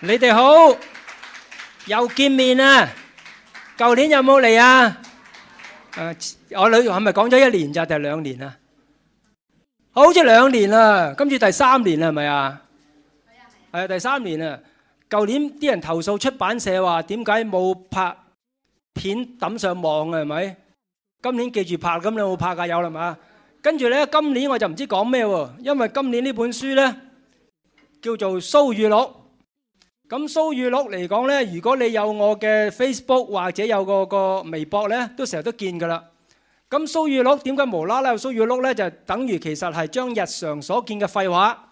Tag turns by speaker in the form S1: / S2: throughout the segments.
S1: 你哋好，又見面喇！舊年有冇嚟啊？誒，我女係咪講咗一年咋定係兩年啊？好似兩年啦，今次第三年啦，係咪啊？係啊，第三年啊！舊年啲人投訴出版社話點解冇拍片抌上網呀？係咪？今年記住拍咁，你有冇拍噶有啦嘛？跟住咧，今年我就唔知講咩喎，因為今年呢本書咧叫做《蘇語錄》。咁蘇語錄嚟講咧，如果你有我嘅 Facebook 或者有我個微博咧，都成日都見噶啦。咁蘇語錄點解無啦啦有蘇語錄咧，就等於其實係將日常所見嘅廢話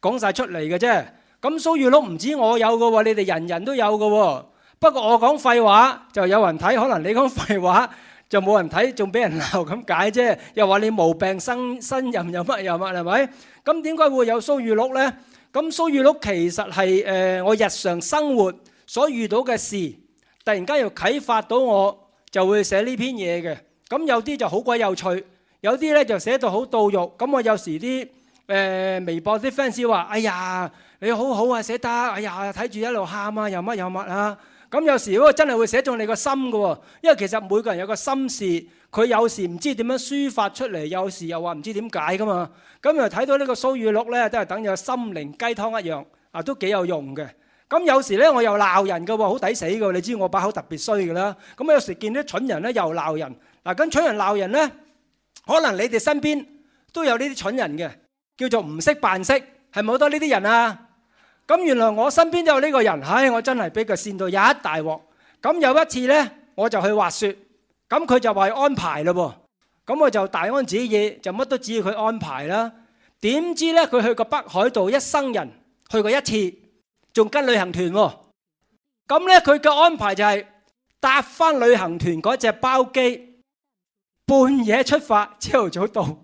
S1: 講曬出嚟嘅啫。咁蘇語錄唔止我有嘅喎，你哋人人都有嘅喎。不過我講廢話就有人睇，可能你講廢話就冇人睇，仲俾人鬧咁解啫。又話你無病生新人又乜又乜係咪？咁點解會有蘇語錄咧？咁《蘇語錄》其實係誒我日常生活所遇到嘅事，突然間又啟發到我，就會寫呢篇嘢嘅。咁有啲就好鬼有趣，有啲咧就寫到好到肉。咁我有時啲誒微博啲 fans 話，哎呀，你好好啊，寫得，哎呀，睇住一路喊啊，又乜又乜啊。咁有時如果真係會寫中你個心嘅喎，因為其實每個人有個心事。佢有時唔知點樣抒發出嚟，有時又話唔知點解噶嘛，咁又睇到呢個《蘇語錄》咧，都係等於心靈雞湯一樣，啊都幾有用嘅。咁有時咧，我又鬧人嘅喎，好抵死嘅喎，你知我把口特別衰嘅啦。咁有時見啲蠢人咧又鬧人，嗱咁蠢人鬧人咧，可能你哋身邊都有呢啲蠢人嘅，叫做唔識扮識，係咪好多呢啲人啊？咁原來我身邊都有呢個人，唉、哎，我真係俾佢扇到一大鑊。咁有一次咧，我就去滑雪。咁佢就話要安排咯，咁我就大安旨意就乜都旨意佢安排啦。點知咧，佢去過北海道一生人去過一次，仲跟旅行團。咁咧佢嘅安排就係搭翻旅行團嗰隻包機，半夜出發，朝頭早到，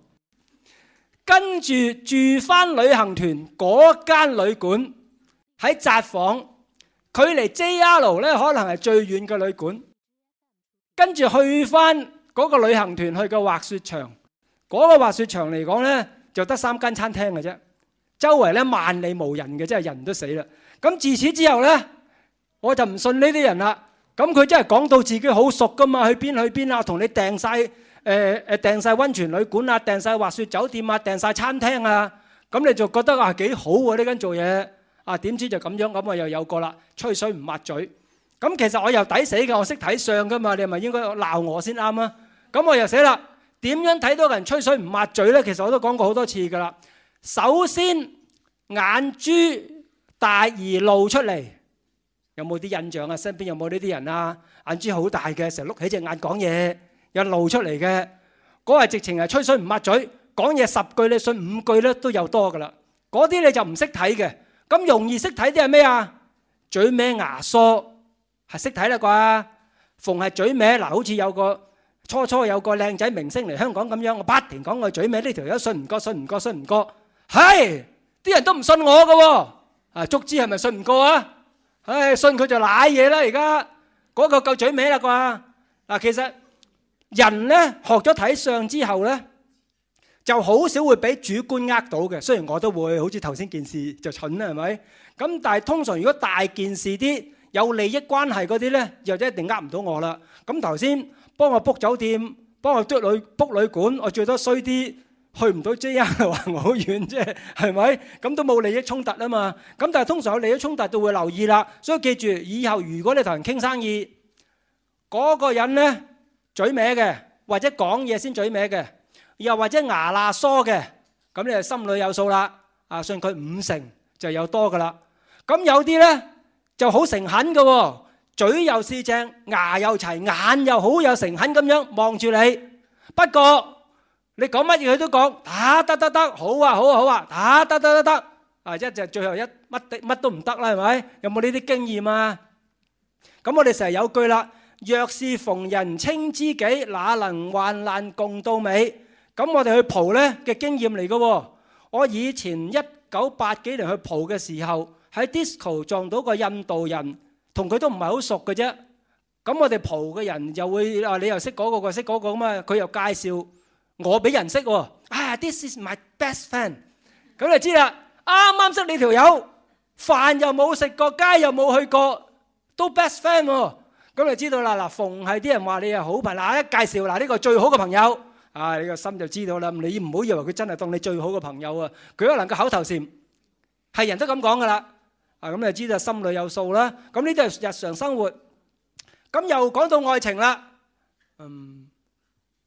S1: 跟住住翻旅行團嗰間旅館喺札幌，距離 JR 咧可能係最遠嘅旅館。跟住去翻嗰個旅行團去個滑雪場，嗰個滑雪場嚟講呢，就得三間餐廳嘅啫。周圍呢萬里無人嘅，即係人都死啦。咁自此之後呢，我就唔信呢啲人啦。咁佢真係講到自己好熟噶嘛，去邊去邊啊？同你訂晒誒誒訂晒溫泉旅館啊，訂晒滑雪酒店啊，訂晒餐廳啊。咁你就覺得啊幾好啊呢間做嘢啊？點知就咁樣咁啊，又有個啦，吹水唔抹嘴。咁其實我又抵死嘅，我識睇相噶嘛？你係咪應該鬧我先啱啊？咁我又寫啦，點樣睇到個人吹水唔抹嘴咧？其實我都講過好多次噶啦。首先眼珠大而露出嚟，有冇啲印象啊？身邊有冇呢啲人啊？眼珠好大嘅，成日碌起隻眼講嘢，又露出嚟嘅。嗰係直情係吹水唔抹嘴，講嘢十句你信五句咧都有多噶啦。嗰啲你就唔識睇嘅，咁容易識睇啲係咩啊？嘴歪牙疏。係識睇啦啩，逢係嘴尾嗱，好似有個初初有個靚仔明星嚟香港咁樣，我不停講我嘴尾呢條友信唔過，信唔過，信唔過，係啲人都唔信我嘅喎。啊，足之係咪信唔過啊？唉，信佢就瀨嘢啦而家，嗰個夠嘴尾啦啩嗱。其實人呢學咗睇相之後呢，就好少會俾主觀呃到嘅。雖然我都會好似頭先件事就蠢啦，係咪？咁但係通常如果大件事啲。有利益關係嗰啲咧，又一定呃唔到我啦。咁頭先幫我 book 酒店，幫我 book 旅 book 旅館，我最多衰啲去唔到，即係話我好遠啫，係咪？咁都冇利益衝突啊嘛。咁但係通常有利益衝突都會留意啦。所以記住，以後如果你同人傾生意，嗰個人咧嘴歪嘅，或者講嘢先嘴歪嘅，又或者牙罅疏嘅，咁你就心裏有數啦。啊，信佢五成就有多噶啦。咁有啲咧。就好誠懇嘅喎，嘴又斯正，牙又齊，眼又好，又誠懇咁樣望住你。不過你講乜嘢佢都講，得得得，好啊好啊好啊，得得得得，啊一隻最後一乜的乜都唔得啦，係咪？有冇呢啲經驗啊？咁我哋成日有句啦，若是逢人稱知己，哪能患難共到尾？咁我哋去蒲呢嘅經驗嚟嘅喎。我以前一九八幾年去蒲嘅時候，喺 Disco 撞到個印度人，同佢都唔係好熟嘅啫。咁我哋蒲嘅人又會啊，你又識嗰個，佢識嗰個咁啊。佢又介紹我俾人識喎。啊，This is my best friend。咁你知啦。啱啱識你條友，飯又冇食過，街又冇去過，都 best friend 喎。咁就知道啦。嗱，逢係啲人話你係好朋友，下一介紹嗱呢個最好嘅朋友。啊，你個心就知道啦。你唔好以為佢真係當你最好嘅朋友啊。佢可能個口頭禪，係人都咁講㗎喇。啊，咁你就知道心裏有數啦。咁呢啲係日常生活。咁又講到愛情啦。嗯，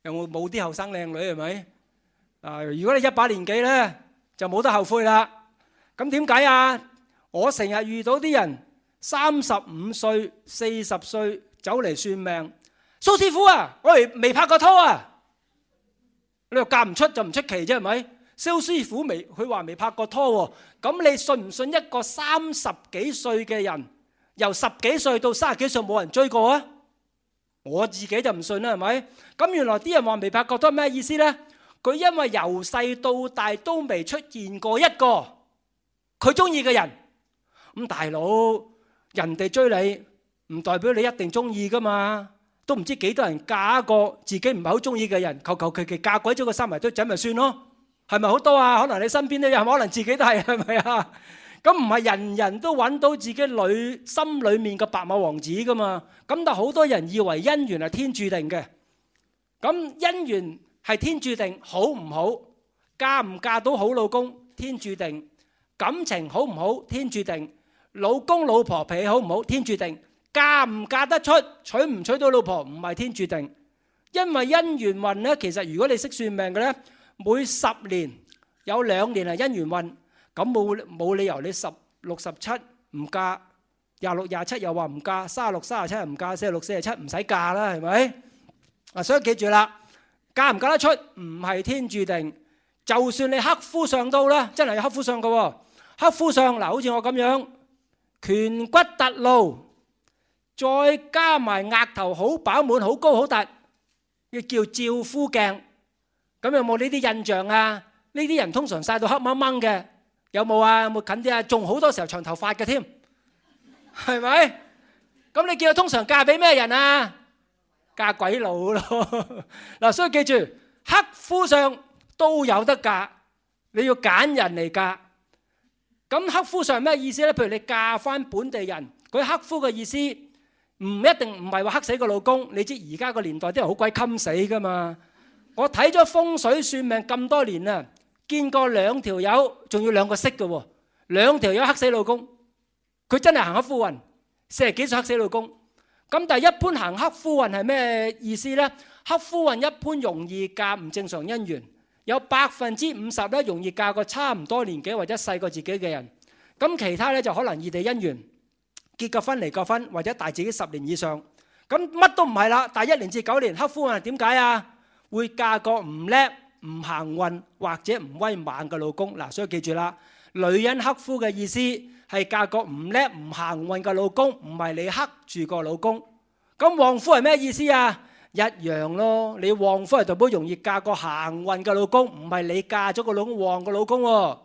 S1: 有冇冇啲後生靚女係咪？啊，如果你一把年紀呢，就冇得後悔啦。咁點解啊？我成日遇到啲人三十五歲、四十歲走嚟算命，蘇師傅啊，我係未拍過拖啊。你話嫁唔出就唔出奇啫，係咪？蕭師傅未，佢話未拍過拖喎。咁你信唔信一個三十幾歲嘅人，由十幾歲到三十幾歲冇人追過啊？我自己就唔信啦，係咪？咁原來啲人話未拍過拖咩意思呢？佢因為由細到大都未出現過一個佢中意嘅人。咁大佬，人哋追你唔代表你一定中意噶嘛？都唔知幾多人嫁過自己唔係好中意嘅人，求求其其嫁鬼咗個三圍堆仔咪算咯？係咪好多啊？可能你身邊都有，可能自己都係，係咪啊？咁唔係人人都揾到自己女心裏面嘅白馬王子噶嘛？咁但係好多人以為姻緣係天注定嘅。咁姻緣係天注定，好唔好嫁唔嫁到好老公天注定？感情好唔好天注定？老公老婆脾氣好唔好天注定？嫁唔嫁得出，娶唔娶到老婆唔係天注定。因為姻緣運呢，其實如果你識算命嘅呢。每十年有兩年係姻緣運，咁冇冇理由你十六十七唔嫁，廿六廿七又話唔嫁，卅六卅七又唔嫁，四十六四十七唔使嫁啦，係咪？啊，所以記住啦，嫁唔嫁得出唔係天註定，就算你克夫上到啦，真係有克夫上嘅喎，克夫上嗱，好似我咁樣，顴骨凸露，再加埋額頭好飽滿、好高、好凸，亦叫照夫鏡。咁有冇呢啲印象啊？呢啲人通常曬到黑掹掹嘅，有冇啊？有冇近啲啊！仲好多時候長頭髮嘅添，係咪？咁你見佢通常嫁俾咩人啊？嫁鬼佬咯嗱。所以記住，剋夫相都有得嫁，你要揀人嚟嫁。咁剋夫相咩意思咧？譬如你嫁翻本地人，佢剋夫嘅意思唔一定唔係話剋死個老公。你知而家個年代啲人好鬼襟死㗎嘛？我睇咗風水算命咁多年啦，見過兩條友，仲要兩個識嘅，兩條友黑死老公，佢真係行黑夫運，四十幾歲黑死老公。咁但係一般行黑夫運係咩意思咧？黑夫運一般容易嫁唔正常姻緣，有百分之五十咧容易嫁個差唔多年紀或者細過自己嘅人。咁其他咧就可能異地姻緣，結個婚離個婚或者大自己十年以上。咁乜都唔係啦，但係一年至九年黑夫運係點解啊？會嫁個唔叻唔行運或者唔威猛嘅老公，嗱，所以記住啦，女人克夫嘅意思係嫁個唔叻唔行運嘅老公，唔係你克住個老公。咁旺夫係咩意思啊？一樣咯，你旺夫係代表容易嫁個行運嘅老公，唔係你嫁咗個老公旺個老公喎。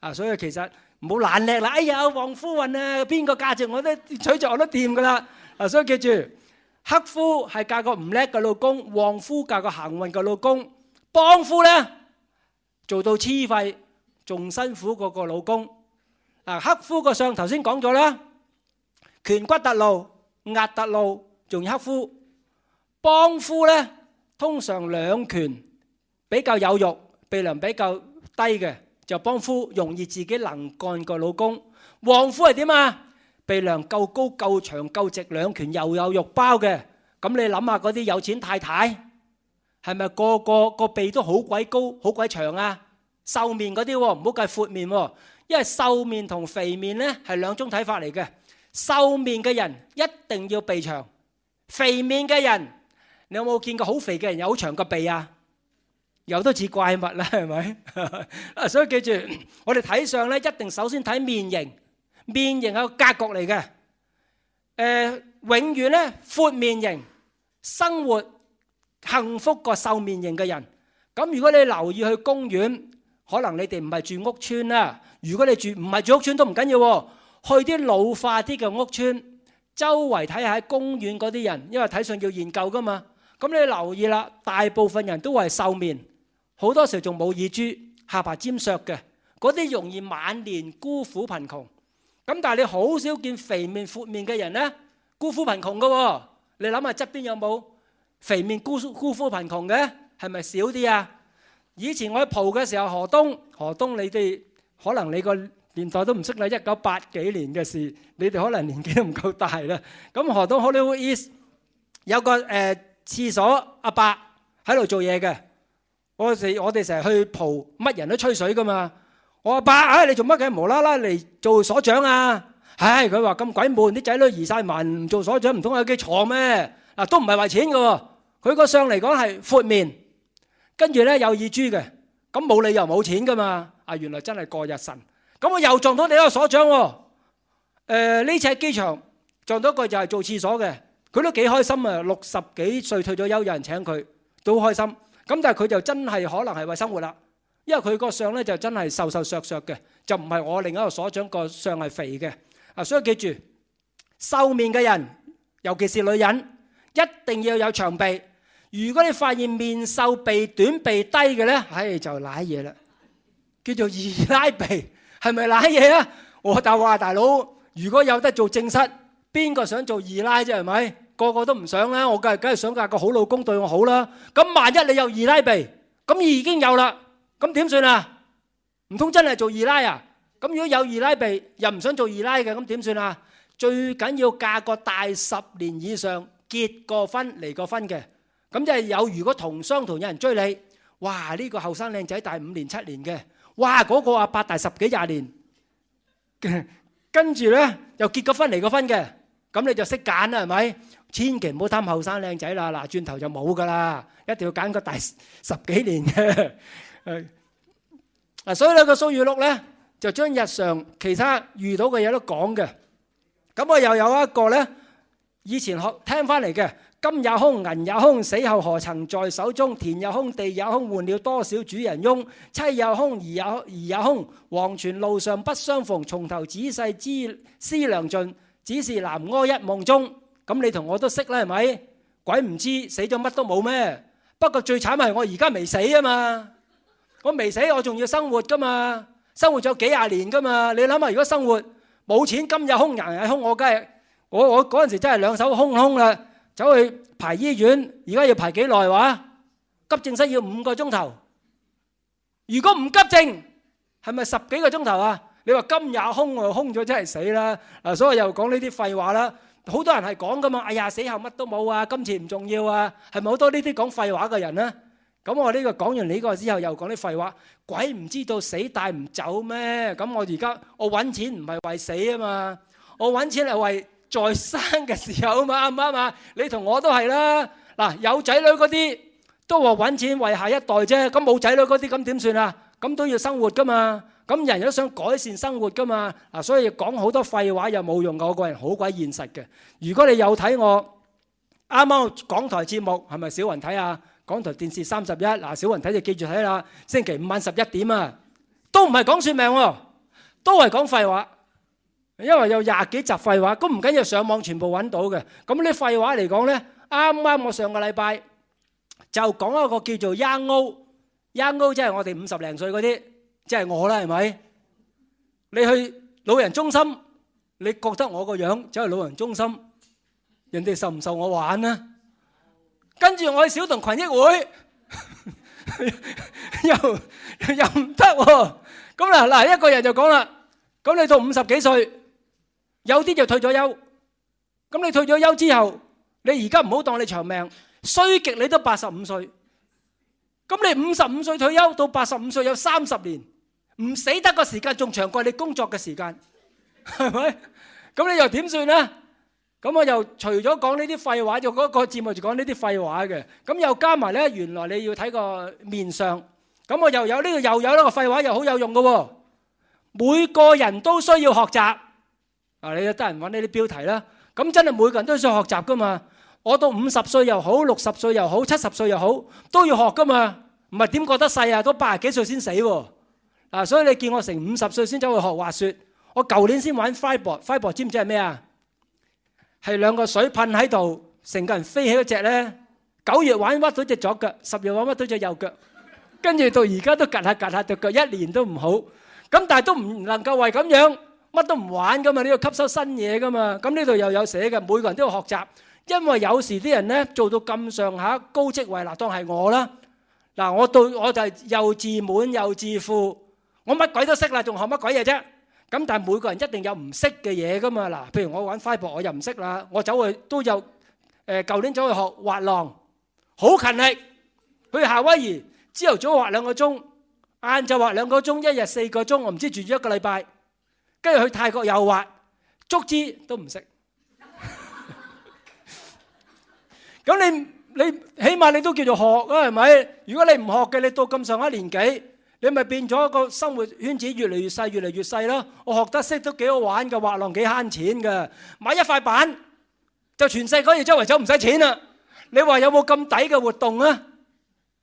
S1: 啊，所以其實唔好懶叻啦，哎呀，旺夫運啊，邊個嫁咗我都娶咗我都掂噶啦。啊，所以記住。克夫係嫁個唔叻嘅老公，旺夫嫁個行運嘅老公，幫夫呢做到黐肺仲辛苦過個老公。啊，克夫個相頭先講咗啦，顴骨突露、額突露，仲係克夫。幫夫呢通常兩顴比較有肉、鼻梁比較低嘅就幫夫，容易自己能幹個老公。旺夫係點啊？鼻樑夠高，夠長，夠直，兩拳，又有肉包嘅。咁你諗下嗰啲有錢太太，係咪個個個鼻都好鬼高，好鬼長啊？ 面型係個格局嚟嘅，誒，永遠咧闊面型，生活幸福過瘦面型嘅人。咁如果你留意去公園，可能你哋唔係住屋村啦。如果你住唔係住屋村都唔緊要，去啲老化啲嘅屋村，周圍睇下公園嗰啲人，因為睇相要研究噶嘛。咁你留意啦，大部分人都係瘦面，好多時候仲冇耳珠，下巴尖削嘅，嗰啲容易晚年孤苦貧窮。咁但係你好少見肥面闊面嘅人咧，孤苦貧窮噶。你諗下側邊有冇肥面孤孤苦貧窮嘅？係咪少啲啊？以前我喺蒲嘅時候，荷東、荷東，你哋可能你個年代都唔識啦，一九八幾年嘅事，你哋可能年紀都唔夠大啦。咁荷東 Hollywood East 有個誒廁所阿伯喺度做嘢嘅，我哋我哋成日去蒲，乜人都吹水噶嘛。我阿爸，唉，你做乜嘅？無啦啦嚟做所長啊！唉，佢話咁鬼悶，啲仔女移晒民，唔做所長唔通有機坐咩？嗱，都唔係為錢嘅。佢個相嚟講係闊面，跟住咧有耳珠嘅，咁冇理由冇錢噶嘛？啊，原來真係過日神。咁我又撞到另一個所長。誒，呢次喺機場撞到一個就係做廁所嘅，佢都幾開心啊！六十幾歲退咗休，有人請佢，都開心。咁但係佢就真係可能係為生活啦。因為佢個相咧就真係瘦瘦削削嘅，就唔係我另一個所長個相係肥嘅，啊！所以記住，瘦面嘅人，尤其是女人，一定要有長鼻。如果你發現面瘦鼻短鼻低嘅咧，唉，就瀨嘢啦，叫做二奶鼻，係咪瀨嘢啊？我就話大佬，如果有得做正室，邊個想做二奶啫？係咪？個個都唔想啦，我梗係梗係想嫁個好老公對我好啦。咁萬一你有二奶鼻，咁已經有啦。咁點算啊？唔通真係做二奶啊？咁如果有二奶備，又唔想做二奶嘅，咁點算啊？最緊要嫁個大十年以上，結過婚離過婚嘅，咁即係有。如果同雙同有人追你，哇！呢個後生靚仔大五年七年嘅，哇！嗰個阿伯大十幾廿年，跟住呢又結過婚離過婚嘅，咁你就識揀啦，係咪？千祈唔好貪後生靚仔啦，嗱轉頭就冇㗎啦，一定要揀個大十幾年嘅。係嗱，所以呢個《蘇語錄》呢就將日常其他遇到嘅嘢都講嘅。咁我又有一個呢，以前學聽翻嚟嘅。金有空，銀有空，死後何曾在手中？田有空，地有空，換了多少主人翁？妻有空，兒有兒有空，黃泉路上不相逢，從頭仔細思思量盡，只是南柯一夢中。咁你同我都識啦，係咪鬼唔知死咗乜都冇咩？不過最慘係我而家未死啊嘛～我未死，我仲要生活噶嘛？生活咗幾廿年噶嘛？你諗下，如果生活冇錢，今日空人係空我，梗係我我嗰陣時真係兩手空空啦，走去排醫院，而家要排幾耐話？急症室要五個鐘頭。如果唔急症，係咪十幾個鐘頭啊？你話今日空我又空咗，真係死啦！嗱，所以又講呢啲廢話啦。好多人係講噶嘛？哎呀，死後乜都冇啊，金錢唔重要啊，係咪好多呢啲講廢話嘅人呢？咁我呢個講完呢個之後，又講啲廢話，鬼唔知道死帶唔走咩？咁我而家我搵錢唔係為死啊嘛，我搵錢係為在生嘅時候啊嘛，啱唔啱啊？你同我都係啦。嗱，有仔女嗰啲都話搵錢為下一代啫，咁冇仔女嗰啲咁點算啊？咁都要生活噶嘛，咁人人都想改善生活噶嘛。嗱，所以講好多廢話又冇用嘅，我個人好鬼現實嘅。如果你有睇我啱啱港台節目，係咪小雲睇啊？港台電視三十一，嗱小云睇就記住睇啦。星期五晚十一點啊，都唔係講算命，都係講廢話。因為有廿幾集廢話，咁唔緊要，上網全部揾到嘅。咁啲廢話嚟講咧，啱啱我上個禮拜就講一個叫做 young old，young old 即係我哋五十零歲嗰啲，即係我啦，係咪？你去老人中心，你覺得我個樣走去老人中心，人哋受唔受我玩啊？跟住我去小童群益會，又又唔得喎。咁嗱嗱，一個人就講啦。咁你到五十幾歲，有啲就退咗休。咁你退咗休之後，你而家唔好當你長命，衰極你都八十五歲。咁你五十五歲退休到八十五歲有三十年，唔死得個時間仲長過你工作嘅時間，係咪？咁你又點算呢？咁我又除咗講呢啲廢話，就嗰個節目就講呢啲廢話嘅。咁又加埋咧，原來你要睇個面相。咁我又有呢個又有呢個廢話，又好有用嘅喎。每個人都需要學習。嗱，你得閒揾呢啲標題啦。咁真係每個人都需要學習噶嘛？我到五十歲又好，六十歲又好，七十歲又好，都要學噶嘛？唔係點覺得細啊？都八十幾歲先死喎。嗱，所以你見我成五十歲先走去學滑雪，我舊年先玩 flyboard。Flyboard 知唔知係咩啊？係兩個水噴喺度，成個人飛起嗰隻咧。九月玩屈到隻左腳，十月玩屈到隻右腳，跟住到而家都曱下曱下隻腳，一年都唔好。咁但係都唔能夠為咁樣，乜都唔玩噶嘛？你要吸收新嘢噶嘛？咁呢度又有寫嘅，每個人都要學習，因為有時啲人咧做到咁上下高職位，嗱當係我啦。嗱我對我就係又自滿又自負，我乜鬼都識啦，仲學乜鬼嘢啫？咁但係每個人一定有唔識嘅嘢噶嘛，嗱，譬如我玩飛博我又唔識啦，我走去都有誒，舊年走去學滑浪，好勤力，去夏威夷朝頭早滑兩個鐘，晏晝滑兩個鐘，一日四個鐘，我唔知住咗一個禮拜，跟住去泰國又滑，卒之都唔識。咁你你起碼你都叫做學啊係咪？如果你唔學嘅，你到咁上一年紀。你咪變咗個生活圈子越嚟越細，越嚟越細咯。我學得識都幾好玩嘅滑浪，幾慳錢嘅，買一塊板就全世界要周圍走唔使錢啦。你話有冇咁抵嘅活動啊？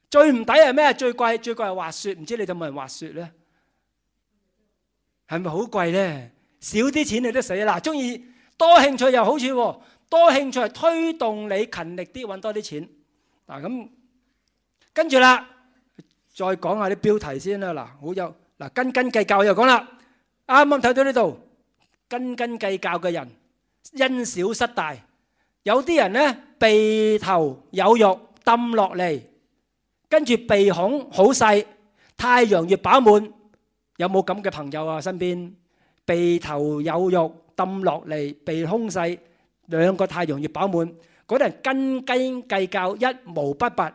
S1: 最唔抵係咩？最貴最貴係滑雪，唔知你有冇人滑雪咧？係咪好貴咧？少啲錢你都死啦！鍾意多興趣又好處，多興趣係推動你勤力啲搵多啲錢嗱。咁跟住啦。再講下啲標題先啦，嗱好有嗱斤斤計較又講啦，啱啱睇到呢度斤斤計較嘅人因小失大，有啲人呢鼻頭有肉抌落嚟，跟住鼻孔好細，太陽穴飽滿，有冇咁嘅朋友啊？身邊鼻頭有肉抌落嚟，鼻孔細，兩個太陽穴飽滿，嗰啲人斤斤計較一毛不拔，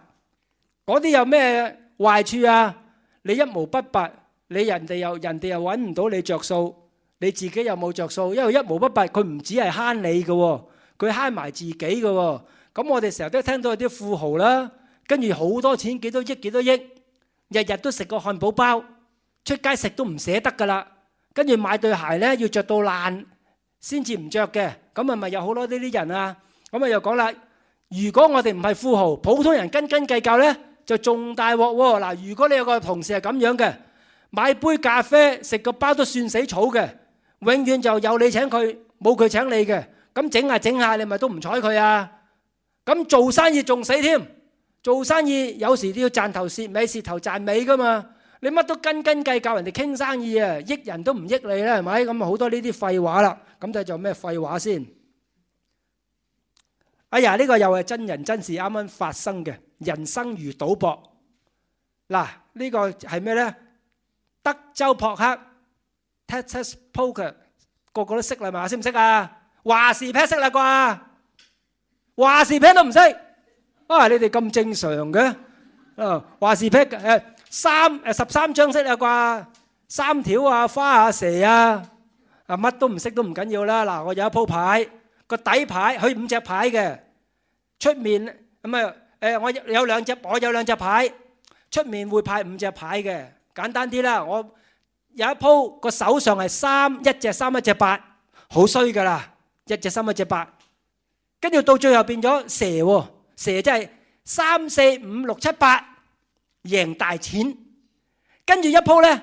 S1: 嗰啲有咩？壞處啊！你一毛不拔，你人哋又人哋又揾唔到你着數，你自己又冇着數，因為一毛不拔，佢唔止係慳你嘅喎，佢慳埋自己嘅喎。咁我哋成日都聽到有啲富豪啦，跟住好多錢幾多億幾多億，日日都食個漢堡包，出街食都唔捨得㗎啦。跟住買對鞋咧，要著到爛先至唔著嘅。咁係咪有好多呢啲人啊？咁啊又講啦，如果我哋唔係富豪，普通人斤斤計較咧？就仲大鑊喎！嗱，如果你有個同事係咁樣嘅，買杯咖啡食個包都算死草嘅，永遠就有你請佢，冇佢請你嘅。咁整下整下，你咪都唔睬佢啊！咁做生意仲死添，做生意有時都要賺頭蝕尾，蝕頭賺尾噶嘛。你乜都斤斤計較，人哋傾生意啊，益人都唔益你啦，係咪？咁好多呢啲廢話啦，咁就做咩廢話先？哎呀，呢個又係真人真事，啱啱發生嘅。人生如賭博，嗱、這個、呢個係咩咧？德州撲克 （Texas Poker） 個個都識啦，嘛？咪識唔識啊？話事啤識啦啩？話事啤都唔識,識啊！你哋咁正常嘅啊？話事啤誒三誒十三張識啦啩？三條啊、花啊、蛇啊啊乜都唔識都唔緊要啦。嗱，我有一鋪牌，個底牌可以五隻牌嘅，出面咁啊～、嗯誒、呃，我有兩隻，我有兩隻牌，出面會派五隻牌嘅，簡單啲啦。我有一鋪個手上係三,三一隻，一隻三一隻八，好衰噶啦，一隻三一隻八，跟住到最後變咗蛇，蛇即係三四五六七八，贏大錢。跟住一鋪咧，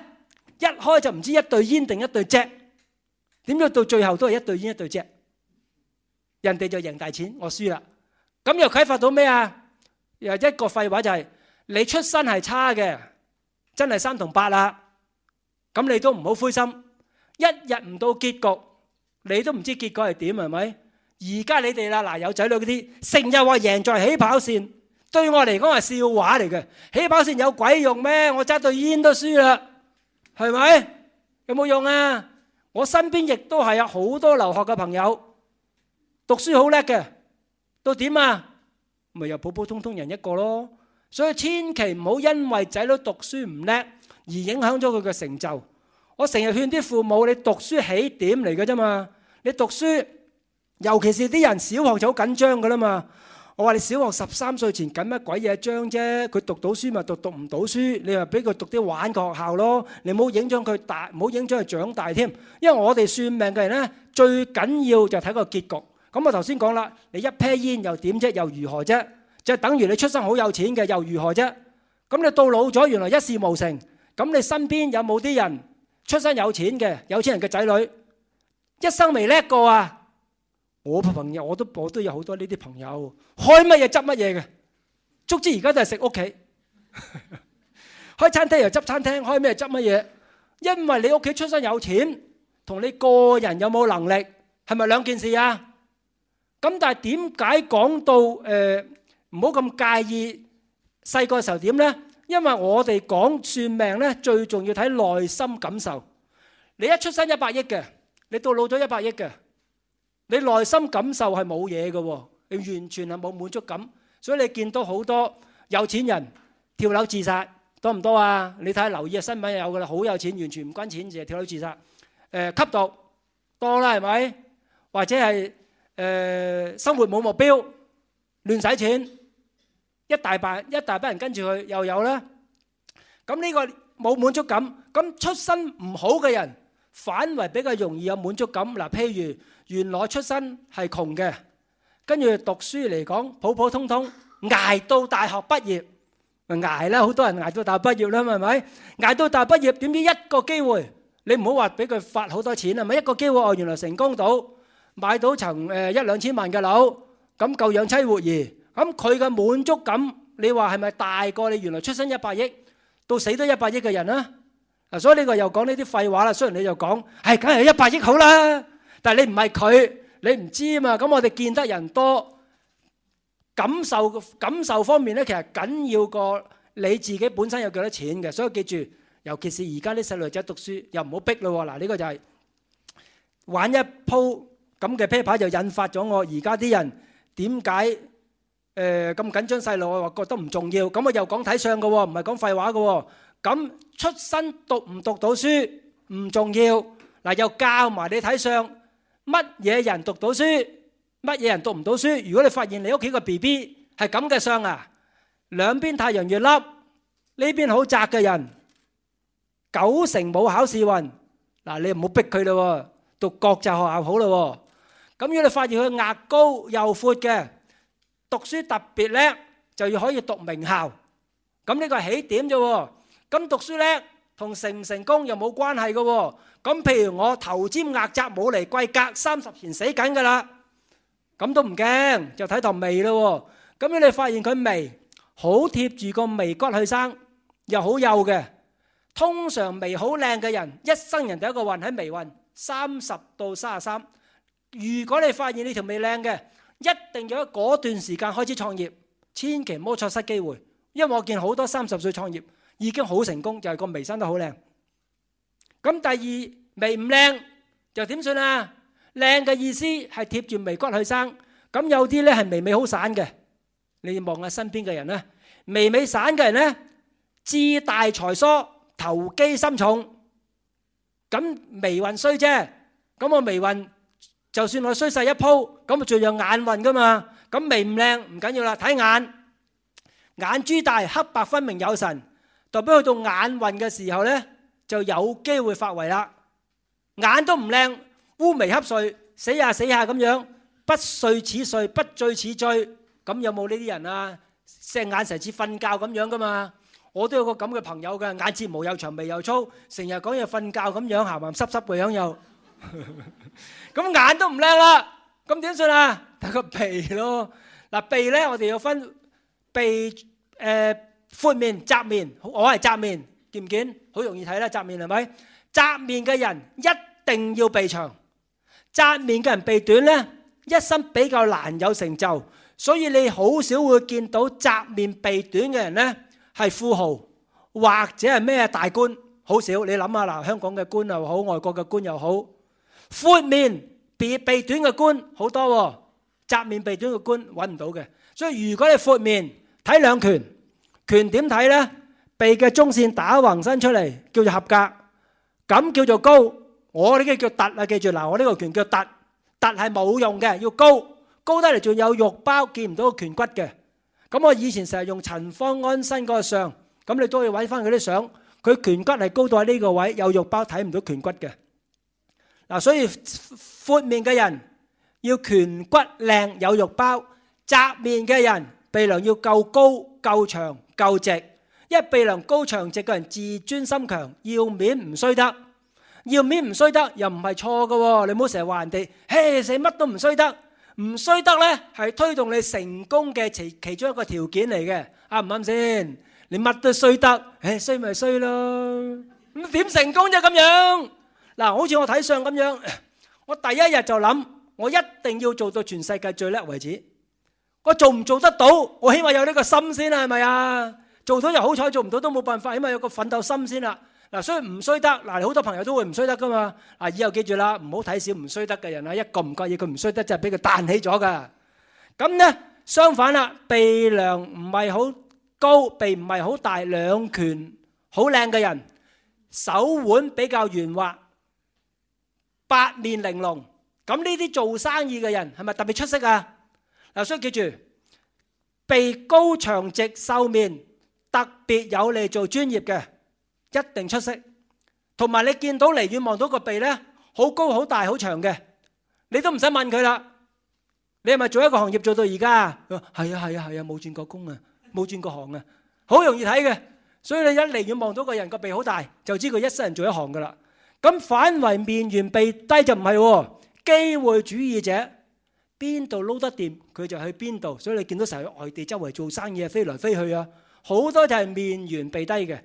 S1: 一開就唔知一對煙定一對只，點樣到最後都係一對煙一對只，人哋就贏大錢，我輸啦。咁又啟發到咩啊？又一個廢話就係，你出身係差嘅，真係三同八啦，咁你都唔好灰心，一日唔到結局，你都唔知結果係點，係咪？而家你地啦，嗱，有仔女嗰啲，成日話贏在起跑線，對我嚟講係笑話嚟㗎，起跑線有鬼用咩？我揸對煙都輸啦，係咪？咪又普普通通人一個咯，所以千祈唔好因為仔女讀書唔叻而影響咗佢嘅成就。我成日勸啲父母，你讀書起點嚟嘅啫嘛。你讀書，尤其是啲人小學就好緊張噶啦嘛。我話你小學十三歲前緊乜鬼嘢張啫，佢讀到書咪讀，讀唔到書你咪俾佢讀啲玩學校咯。你唔好影響佢大，唔好影響佢長大添。因為我哋算命嘅人咧，最緊要就睇個結局。咁我頭先講啦，你一撇煙又點啫？又如何啫？就等於你出生好有錢嘅又如何啫？咁你到老咗原來一事無成，咁你身邊有冇啲人出生有錢嘅有錢人嘅仔女，一生未叻過啊？我朋友我都我都有好多呢啲朋友，開乜嘢執乜嘢嘅，直至而家都係食屋企，開餐廳又執餐廳，開咩執乜嘢？因為你屋企出生有錢，同你個人有冇能力係咪兩件事啊？咁但係點解講到誒唔好咁介意細個嘅時候點呢？因為我哋講算命呢，最重要睇內心感受。你一出生一百億嘅，你到老咗一百億嘅，你內心感受係冇嘢嘅喎，你完全係冇滿足感。所以你見到好多有錢人跳樓自殺多唔多啊？你睇下留意嘅新聞有嘅啦，好有錢完全唔關錢事，跳樓自殺，誒吸毒多啦係咪？或者係？誒生活冇目標，亂使錢，一大班一大班人跟住佢又有啦。咁呢個冇滿足感。咁出身唔好嘅人反為比較容易有滿足感。嗱，譬如原來出身係窮嘅，跟住讀書嚟講普普通通，捱到大學畢業咪捱啦。好多人捱到大學畢業啦，係咪？捱到大學畢業點知一個機會，你唔好話俾佢發好多錢，係咪？一個機會哦，原來成功到。買到層誒一兩千萬嘅樓，咁夠養妻活兒，咁佢嘅滿足感，你話係咪大過你原來出生一百億到死都一百億嘅人啊？啊，所以呢個又講呢啲廢話啦。雖然你又講係梗係一百億好啦，但係你唔係佢，你唔知啊嘛。咁我哋見得人多，感受感受方面咧，其實緊要過你自己本身有幾多錢嘅。所以記住，尤其是而家啲細路仔讀書，又唔好逼咯。嗱，呢個就係玩一鋪。咁嘅 paper 就引發咗我而家啲人點解誒咁緊張？細路我話覺得唔重要，咁我又講睇相嘅喎，唔係講廢話嘅喎。咁出身讀唔讀到書唔重要，嗱，又教埋你睇相，乜嘢人讀到書，乜嘢人讀唔到書。如果你發現你屋企個 BB 係咁嘅相啊，兩邊太陽月粒呢邊好窄嘅人，九成冇考試運。嗱，你唔好逼佢咯，讀國際學校好咯。咁樣你發現佢額高又闊嘅，讀書特別叻，就要可以讀名校。咁呢個係起點啫喎。咁讀書叻同成唔成功又冇關係嘅喎。咁譬如我頭尖額窄冇嚟貴格，三十前死緊噶啦。咁都唔驚，就睇頭眉咯。咁樣你發現佢眉好貼住個眉骨去生，又好幼嘅，通常眉好靚嘅人，一生人第一個運喺眉運，三十到三十三。如果你發現你條眉靚嘅，一定要喺嗰段時間開始創業，千祈唔好錯失機會。因為我見好多三十歲創業已經好成功，就係個眉生得好靚。咁第二眉唔靚就點算啊？靚嘅意思係貼住眉骨去生。咁有啲咧係眉尾好散嘅，你望下身邊嘅人咧，眉尾散嘅人咧，志大才疏，投機心重。咁眉運衰啫，咁我眉運。就算我衰勢一鋪，咁就仲有眼運噶嘛？咁眉唔靚唔緊要啦，睇眼，眼珠大，黑白分明有神，代表去到眼運嘅時候咧，就有機會發圍啦。眼都唔靚，烏眉瞌睡，死下死下咁樣，不睡似睡，不醉似醉，咁有冇呢啲人啊？隻眼成似瞓覺咁樣噶嘛？我都有個咁嘅朋友噶，眼睫毛又長，眉又粗，成日講嘢瞓覺咁樣，鹹鹹濕濕嘅樣又。咁眼都唔靚啦，咁點算啊？睇個鼻咯。嗱，鼻呢，我哋要分鼻誒寬面窄面，我係窄面，見唔見？好容易睇啦，窄面係咪？窄面嘅人一定要鼻長，窄面嘅人鼻短呢，一生比較難有成就，所以你好少會見到窄面鼻短嘅人呢，係富豪或者係咩大官，好少。你諗下嗱，香港嘅官又好，外國嘅官又好。闊面鼻鼻短嘅官好多，窄面鼻短嘅官揾唔到嘅。所以如果你闊面睇兩顴，顴點睇呢？鼻嘅中線打橫伸出嚟，叫做合格。咁叫做高。我呢個叫凸啦，記住嗱，我呢個顴叫凸，凸係冇用嘅，要高高得嚟仲有肉包，見唔到顴骨嘅。咁我以前成日用陳方安生嗰個相，咁你都可以揾翻佢啲相。佢顴骨係高到喺呢個位，有肉包，睇唔到顴骨嘅。嗱，所以闊面嘅人要顴骨靚有肉包，窄面嘅人鼻梁要夠高夠長夠直。因為鼻梁高長直嘅人自尊心強，要面唔衰得，要面唔衰得又唔係錯嘅。你唔好成日話人哋，嘿死乜都唔衰得，唔衰得咧係推動你成功嘅其其中一個條件嚟嘅。啱唔啱先？你乜都衰得，誒衰咪衰咯，咁點成功啫咁樣？嗱，好似我睇相咁樣，我第一日就諗，我一定要做到全世界最叻為止。我做唔做得到？我起碼有呢個心先啦，係咪啊？做到又好彩，做唔到都冇辦法，起碼有個奮鬥心先啦。嗱，所以唔衰得，嗱，好多朋友都會唔衰得噶嘛。嗱，以後記住啦，唔好睇小唔衰得嘅人啊，一個唔覺意佢唔衰得，就係俾佢彈起咗噶。咁呢，相反啦，鼻梁唔係好高，鼻唔係好大，兩拳好靚嘅人，手腕比較圓滑。八面玲瓏，咁呢啲做生意嘅人係咪特別出色啊？嗱，所以記住，鼻高長直、瘦面，特別有利做專業嘅，一定出色。同埋你見到離遠望到個鼻呢，好高、好大、好長嘅，你都唔使問佢啦。你係咪做一個行業做到而家啊？係啊，係啊，係啊，冇轉過工啊，冇轉過行啊，好容易睇嘅。所以你一離遠望到個人個鼻好大，就知佢一生人做一行噶啦。咁反為面圓背低就唔係喎，機會主義者，邊度撈得掂佢就去邊度，所以你見到成日外地周圍做生意啊、飛來飛去啊，好多就係面圓背低嘅。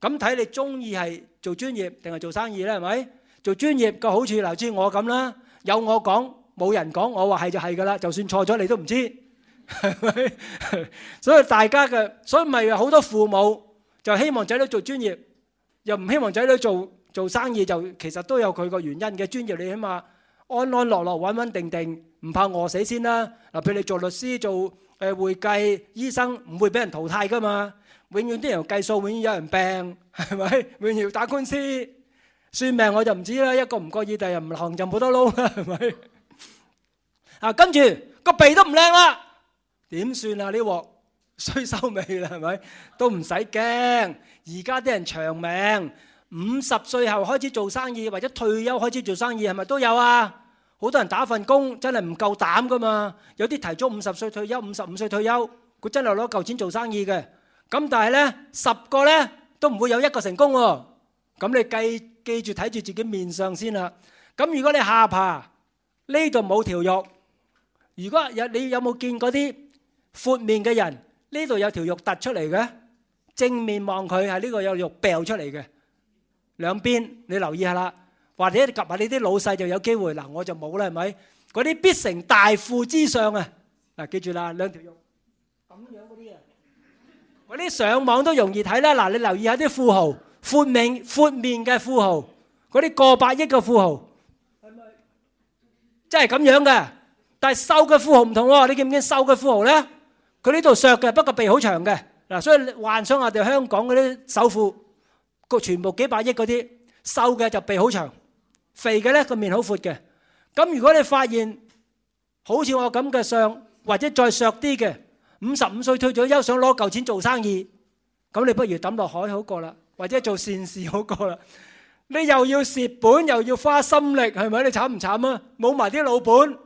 S1: 咁睇你中意係做專業定係做生意呢，係咪？做專業個好處，例如我咁啦，有我講冇人講，我話係就係㗎喇，就算錯咗你都唔知，係咪？所以大家嘅，所以咪好多父母就希望仔女做專業，又唔希望仔女做。做生意就其實都有佢個原因嘅，專業你起碼，安安樂樂穩穩定定，唔怕餓死先啦。嗱，譬如你做律師、做誒、呃、會計、醫生，唔會俾人淘汰噶嘛。永遠啲人計數，永遠有人病，係咪？永遠要打官司、算命，我就唔知啦。一個唔覺意，第二日唔行就冇得撈啦，係咪？啊，跟住個鼻都唔靚啦，點算啊？呢鑊衰收尾啦，係咪？都唔使驚，而家啲人長命。五十歲後開始做生意，或者退休開始做生意，係咪都有啊？好多人打份工，真係唔夠膽噶嘛。有啲提早五十歲退休，五十五歲退休，佢真係攞夠錢做生意嘅。咁但係呢，十個呢，都唔會有一個成功。咁你記記住睇住自己面相先啦。咁如果你下巴呢度冇條肉，如果有你有冇見嗰啲闊面嘅人呢度有條肉突出嚟嘅？正面望佢係呢個有肉爆出嚟嘅。兩邊你留意下啦，或者及埋你啲老細就有機會嗱，我就冇啦，係咪？嗰啲必成大富之相啊！嗱，記住啦，兩條肉咁樣嗰啲啊，嗰啲上網都容易睇啦。嗱，你留意下啲富豪闊命闊面嘅富豪，嗰啲過百億嘅富豪，係咪？真係咁樣嘅，但係瘦嘅富豪唔同喎，你見唔見瘦嘅富豪咧？佢呢度削嘅，不過鼻好長嘅嗱，所以幻想我哋香港嗰啲首富。個全部幾百億嗰啲，瘦嘅就鼻好長，肥嘅呢個面好闊嘅。咁如果你發現好似我咁嘅相，或者再削啲嘅，五十五歲退咗休，想攞舊錢做生意，咁你不如抌落海好過啦，或者做善事好過啦。你又要蝕本，又要花心力，係咪？你慘唔慘啊？冇埋啲老本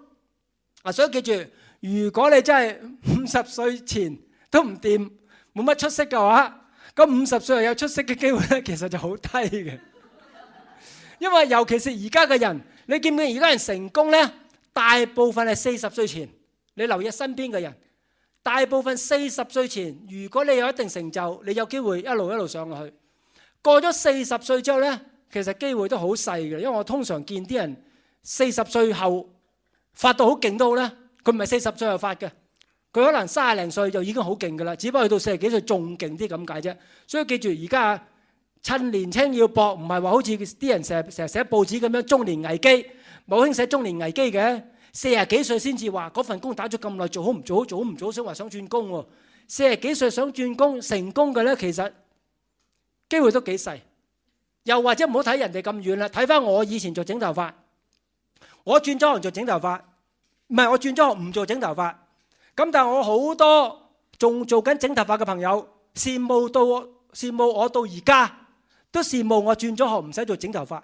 S1: 啊！所以記住，如果你真係五十歲前都唔掂，冇乜出息嘅話，咁五十歲又有出色嘅機會咧，其實就好低嘅。因為尤其是而家嘅人，你見唔見而家人成功咧？大部分係四十歲前，你留意身邊嘅人，大部分四十歲前，如果你有一定成就，你有機會一路一路上去。過咗四十歲之後咧，其實機會都好細嘅。因為我通常見啲人四十歲後發到好勁都好咧，佢唔係四十歲後發嘅。佢可能三十零歲就已經好勁㗎啦，只不過去到四十幾歲仲勁啲咁解啫。所以記住，而家趁年青要搏，唔係話好似啲人成日成日寫報紙咁樣，中年危機冇興寫中年危機嘅。四十幾歲先至話嗰份工打咗咁耐，做好唔做好，做好唔做好，想話想轉工喎。四十幾歲想轉工成功嘅咧，其實機會都幾細。又或者唔好睇人哋咁遠啦，睇翻我以前做整頭髮，我轉咗行做整頭髮，唔係我轉咗行唔做整頭髮。咁但係我好多仲做緊整頭髮嘅朋友，羨慕到我，羨慕我到而家，都羨慕我轉咗行唔使做整頭髮。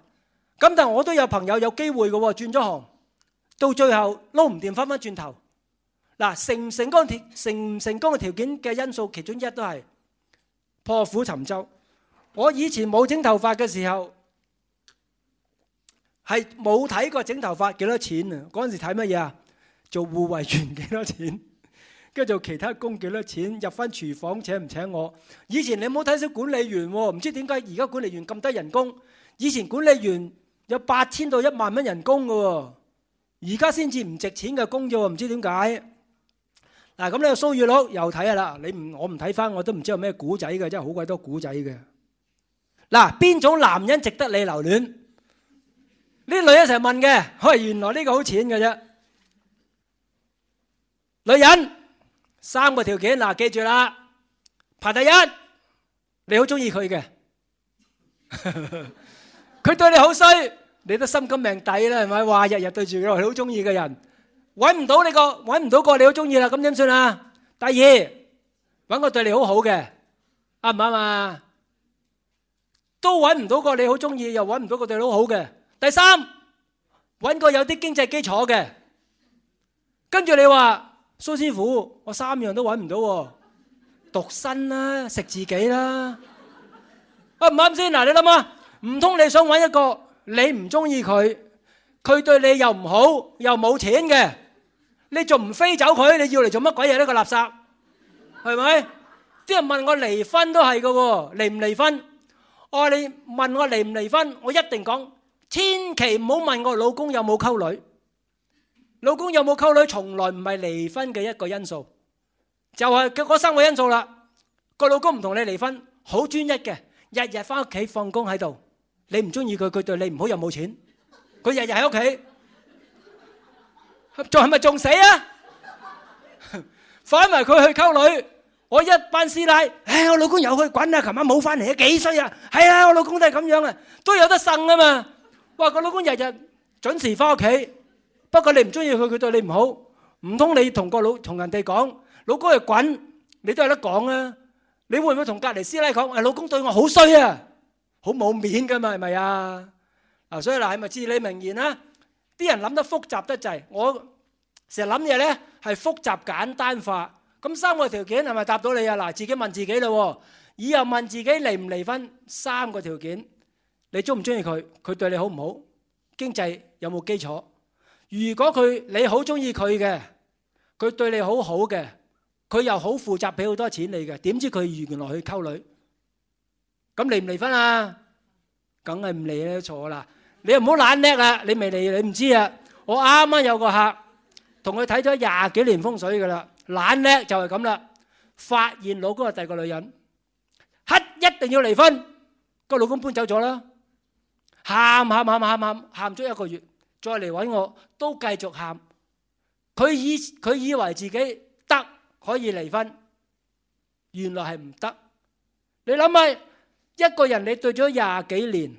S1: 咁但係我都有朋友有機會嘅喎，轉咗行，到最後撈唔掂，翻翻轉頭。嗱，成唔成功、成唔成功嘅條件嘅因素其中一都係破釜沉舟。我以前冇整頭髮嘅時候，係冇睇過整頭髮幾多錢啊！嗰陣時睇乜嘢啊？做護衞員幾多錢？跟做其他工幾多錢？入翻廚房請唔請我？以前你冇睇少管理員、哦，唔知點解而家管理員咁低人工。以前管理員有八千到一萬蚊人工噶、哦，而家先至唔值錢嘅工啫，唔知點解。嗱咁咧，蘇語錄又睇下啦。你唔我唔睇翻，我都唔知有咩古仔嘅，真係好鬼多古仔嘅。嗱、啊，邊種男人值得你留戀？呢個女人成日問嘅，佢係原來呢個好錢嘅啫，女人。三個條件嗱，記住啦，排第一，你好中意佢嘅，佢對你好衰，你都心甘命抵啦，係咪？話日日對住佢好中意嘅人，搵唔到你個，搵唔到個你好中意啦，咁點算啊？第二，搵個對你好好嘅，啱唔啱啊？都搵唔到個你好中意，又搵唔到個對你好好嘅，第三，搵個有啲經濟基礎嘅，跟住你話。蘇師傅，我三樣都揾唔到喎，獨身啦，食自己啦。啊唔啱先嗱，你諗下，唔通你想揾一個你唔中意佢，佢對你又唔好，又冇錢嘅，你仲唔飛走佢？你要嚟做乜鬼嘢呢個垃圾，係咪？啲人問我離婚都係㗎喎，離唔離婚？我話你問我離唔離婚，我一定講，千祈唔好問我老公有冇溝女。老公有冇溝女，從來唔係離婚嘅一個因素，就係嗰三個因素啦。個老公唔同你離婚，好專一嘅，日日翻屋企放工喺度。你唔中意佢，佢對你唔好又冇錢，佢日日喺屋企，仲係咪仲死啊？反為佢去溝女，我一班師奶，唉，我老公又去滾啦！琴晚冇翻嚟啊，幾衰啊！係啊，我老公都係咁樣啊，都有得呻啊嘛。哇，個老公日日準時翻屋企。不過你唔中意佢，佢對你唔好，唔通你同個老同人哋講老公，係滾，你都有得講啊！你會唔會同隔籬師奶講誒？老公對我好衰啊，好冇面㗎嘛？係咪啊？啊，所以嗱，係咪至理名言啦？啲人諗得複雜得滯，我成日諗嘢咧係複雜簡單化。咁三個條件係咪答到你啊？嗱，自己問自己咯。以後問自己離唔離婚？三個條件，你中唔中意佢？佢對你好唔好？經濟有冇基礎？如果佢你好中意佢嘅，佢對你好好嘅，佢又好負責，俾好多錢你嘅，點知佢原來去溝女？咁離唔離婚啊？梗係唔離啦，錯啦！你又唔好懶叻啊！你未離，你唔知啊！我啱啱有個客，同佢睇咗廿幾年風水噶啦，懶叻就係咁啦，發現老公係第二個女人，一一定要離婚，個老公搬走咗啦，喊喊喊喊喊喊足一個月。再嚟揾我都繼續喊，佢以佢以為自己得可以離婚，原來係唔得。你諗下，一個人你對咗廿幾年，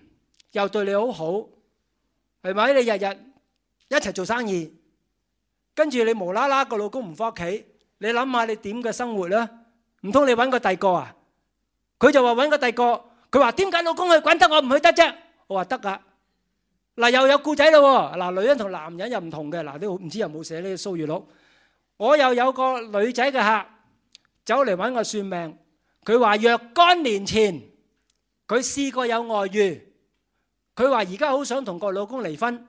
S1: 又對你好好，係咪？你日日一齊做生意，跟住你無啦啦個老公唔返屋企，你諗下你點嘅生活咧？唔通你揾個第個啊？佢就話揾個第個，佢話點解老公去滾得我唔去得啫？我話得㗎。嗱又有故仔咯，嗱女人同男人又唔同嘅，嗱都唔知有冇寫呢個蘇語錄。我又有個女仔嘅客走嚟揾我算命，佢話若干年前佢試過有外遇，佢話而家好想同個老公離婚。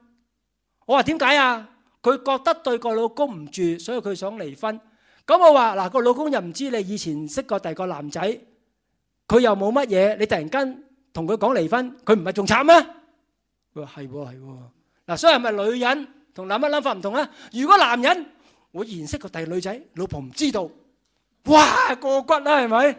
S1: 我話點解啊？佢覺得對個老公唔住，所以佢想離婚。咁我話嗱個老公又唔知你以前識過第個男仔，佢又冇乜嘢，你突然間同佢講離婚，佢唔係仲慘咩？佢話係喎，係喎，嗱所以係咪女人同男人諗法唔同啊？如果男人會認識個第二女仔，老婆唔知道，哇，過骨啦係咪？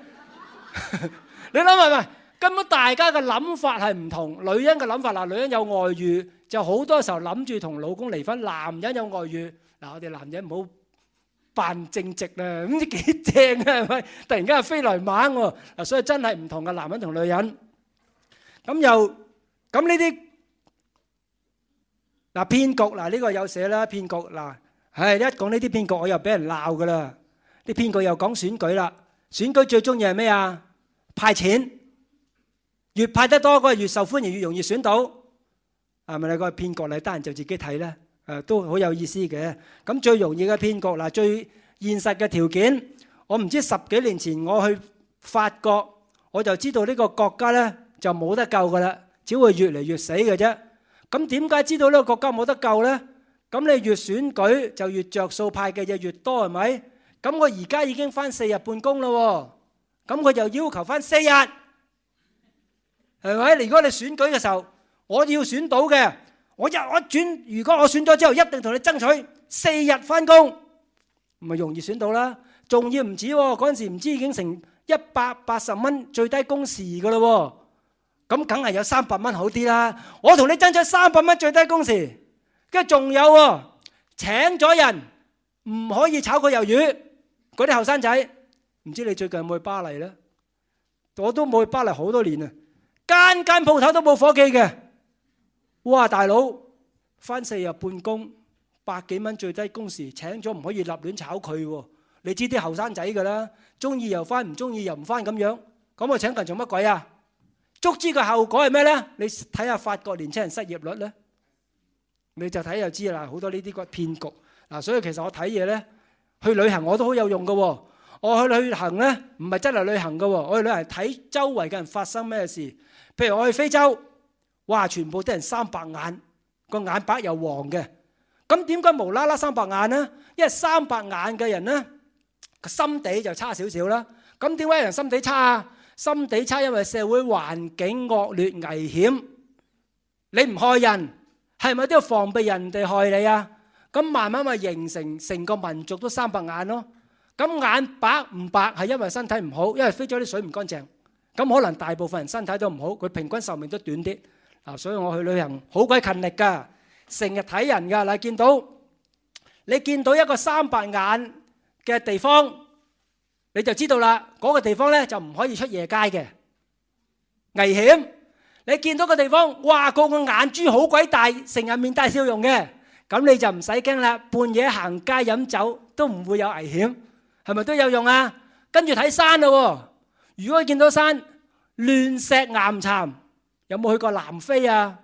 S1: 你諗下咪根本大家嘅諗法係唔同，女人嘅諗法嗱，女人有外遇就好多時候諗住同老公離婚，男人有外遇嗱，我哋男人唔好扮正直咧，唔知幾正啊係咪？突然間係飛來蜢喎，嗱所以真係唔同嘅男人同女人，咁又咁呢啲。嗱，騙局嗱呢個有寫啦，騙局嗱，唉，一講呢啲騙局，我又俾人鬧噶啦，啲騙局又講選舉啦，選舉最中意係咩啊？派錢，越派得多，佢越受歡迎，越容易選到，係咪你個騙局咧？得閒就自己睇啦，誒都好有意思嘅。咁最容易嘅騙局嗱，最現實嘅條件，我唔知十幾年前我去法國，我就知道呢個國家咧就冇得救噶啦，只會越嚟越死嘅啫。咁點解知道呢個國家冇得救呢？咁你越選舉就越著數派嘅嘢越多係咪？咁我而家已經翻四日半工啦，咁佢就要求翻四日係咪？你如果你選舉嘅時候，我要選到嘅，我一我轉，如果我選咗之後，一定同你爭取四日翻工，唔係容易選到啦。仲要唔止喎，嗰陣時唔知已經成一百八十蚊最低工時㗎喇喎。咁梗係有三百蚊好啲啦！我同你爭取三百蚊最低工時，跟住仲有喎，請咗人唔可以炒佢魷魚。嗰啲後生仔唔知你最近有冇去巴黎咧？我都冇去巴黎好多年啦，間間鋪頭都冇伙計嘅。哇，大佬返四日半工，百幾蚊最低工時，請咗唔可以立亂炒佢。你知啲後生仔㗎啦，鍾意又返，唔鍾意又唔返咁樣，咁我請人做乜鬼啊？捉之嘅後果係咩咧？你睇下法國年青人失業率咧，你就睇就知啦。好多呢啲個騙局嗱，所以其實我睇嘢咧，去旅行我都好有用嘅。我去旅行咧，唔係真係旅行嘅，我去旅行睇周圍嘅人發生咩事。譬如我去非洲，哇，全部啲人三白眼，個眼白又黃嘅。咁點解無啦啦三白眼呢？因為三白眼嘅人呢，個心地就差少少啦。咁點解人心地差啊？心地差，因為社會環境惡劣危險。你唔害人，係咪都要防備人哋害你啊？咁慢慢咪形成成個民族都三白眼咯。咁眼白唔白係因為身體唔好，因為飛咗啲水唔乾淨。咁可能大部分人身體都唔好，佢平均壽命都短啲嗱。所以我去旅行好鬼勤力噶，成日睇人㗎。嗱，見到你見到一個三白眼嘅地方。你就知道啦，嗰個地方呢就唔可以出夜街嘅，危險。你見到個地方，哇，個個眼珠好鬼大，成日面帶笑容嘅，咁你就唔使驚啦。半夜行街飲酒都唔會有危險，係咪都有用啊？跟住睇山咯。如果見到山亂石岩巖，有冇去過南非啊？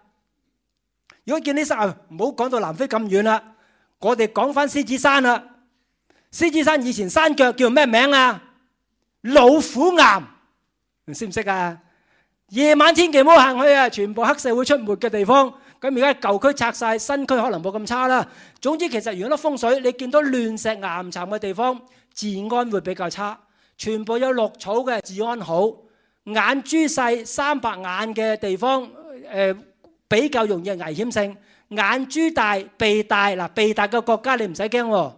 S1: 如果見啲山，唔好講到南非咁遠啦。我哋講返獅子山啦。獅子山以前山腳叫咩名啊？老虎岩，你識唔識啊？夜晚千祈唔好行去啊！全部黑社會出沒嘅地方。咁而家舊區拆晒，新區可能冇咁差啦。總之，其實如果粒風水，你見到亂石岩沉嘅地方，治安會比較差。全部有綠草嘅治安好。眼珠細三白眼嘅地方，誒、呃、比較容易危險性。眼珠大鼻大嗱鼻大嘅國家你、哦，你唔使驚。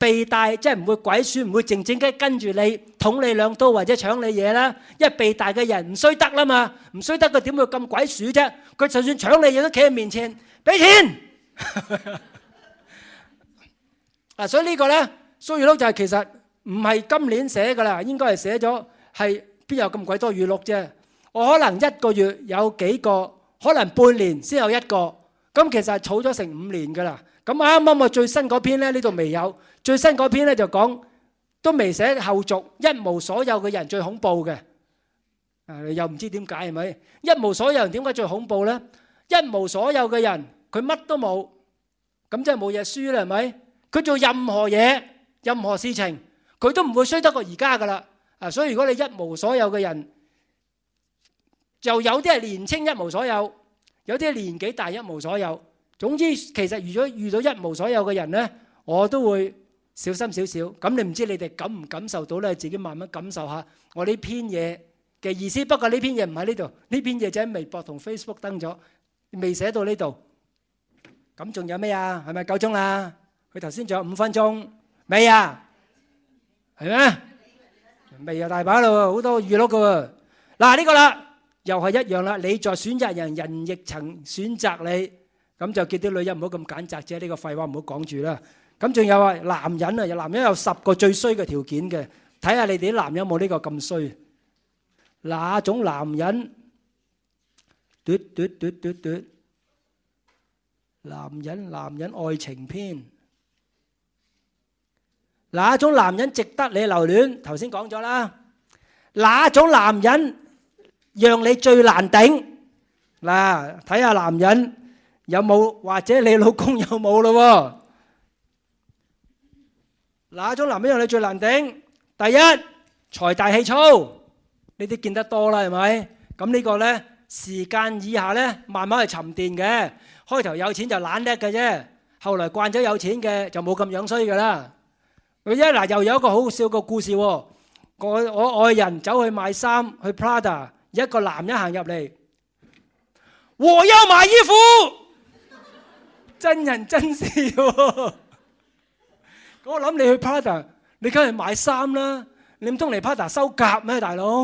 S1: 鼻大即係唔會鬼鼠，唔會靜靜咁跟住你捅你兩刀或者搶你嘢啦。因為鼻大嘅人唔衰得啦嘛，唔衰得佢點會咁鬼鼠啫？佢就算搶你嘢都企喺面前俾錢。嗱，所以呢個呢，蘇語錄就係其實唔係今年寫噶啦，應該係寫咗係，邊有咁鬼多語錄啫？我可能一個月有幾個，可能半年先有一個。咁其實係儲咗成五年噶啦。咁啱啱啊最新嗰篇呢呢度未有。最新嗰篇咧就講，都未寫後續，一無所有嘅人最恐怖嘅，啊你又唔知點解係咪？一無所有人點解最恐怖咧？一無所有嘅人佢乜都冇，咁即係冇嘢輸啦，係咪？佢做任何嘢、任何事情，佢都唔會衰得過而家噶啦。啊，所以如果你一無所有嘅人，就有啲係年青一無所有，有啲係年紀大一無所有，總之其實遇咗遇到一無所有嘅人咧，我都會。小心少少，咁你唔知你哋感唔感受到咧？自己慢慢感受下我呢篇嘢嘅意思。不過呢篇嘢唔喺呢度，呢篇嘢就喺微博同 Facebook 登咗，未寫到呢度。咁仲有咩啊？係咪夠鐘啦？佢頭先仲有五分鐘，未啊？係咩？未啊大把咯，好多娛樂嘅喎。嗱呢個啦，又係一樣啦。你在選擇人，人亦曾選擇你。咁就叫啲女人唔好咁揀擇，啫呢個廢話唔好講住啦。咁仲有啊，男人啊，男人有十個最衰嘅條件嘅，睇下你哋啲男人有冇呢個咁衰？哪種男人？嘟嘟嘟嘟嘟！男人男人愛情篇。哪種男人值得你留戀？頭先講咗啦。哪種男人讓你最難頂？嗱，睇下男人有冇，或者你老公有冇咯？哪種男人讓你最難頂？第一，財大氣粗，呢啲見得多啦，係咪？咁呢個呢，時間以下呢，慢慢去沉澱嘅。開頭有錢就懶叻嘅啫，後來慣咗有錢嘅就冇咁樣衰噶啦。一，嗱又有一個好笑個故事喎，我愛人走去買衫去 Prada，有一個男人行入嚟，我要買衣服，真人真事喎。我諗你去 Plaza，你梗係買衫啦。你唔通嚟 Plaza 收夾咩，大佬？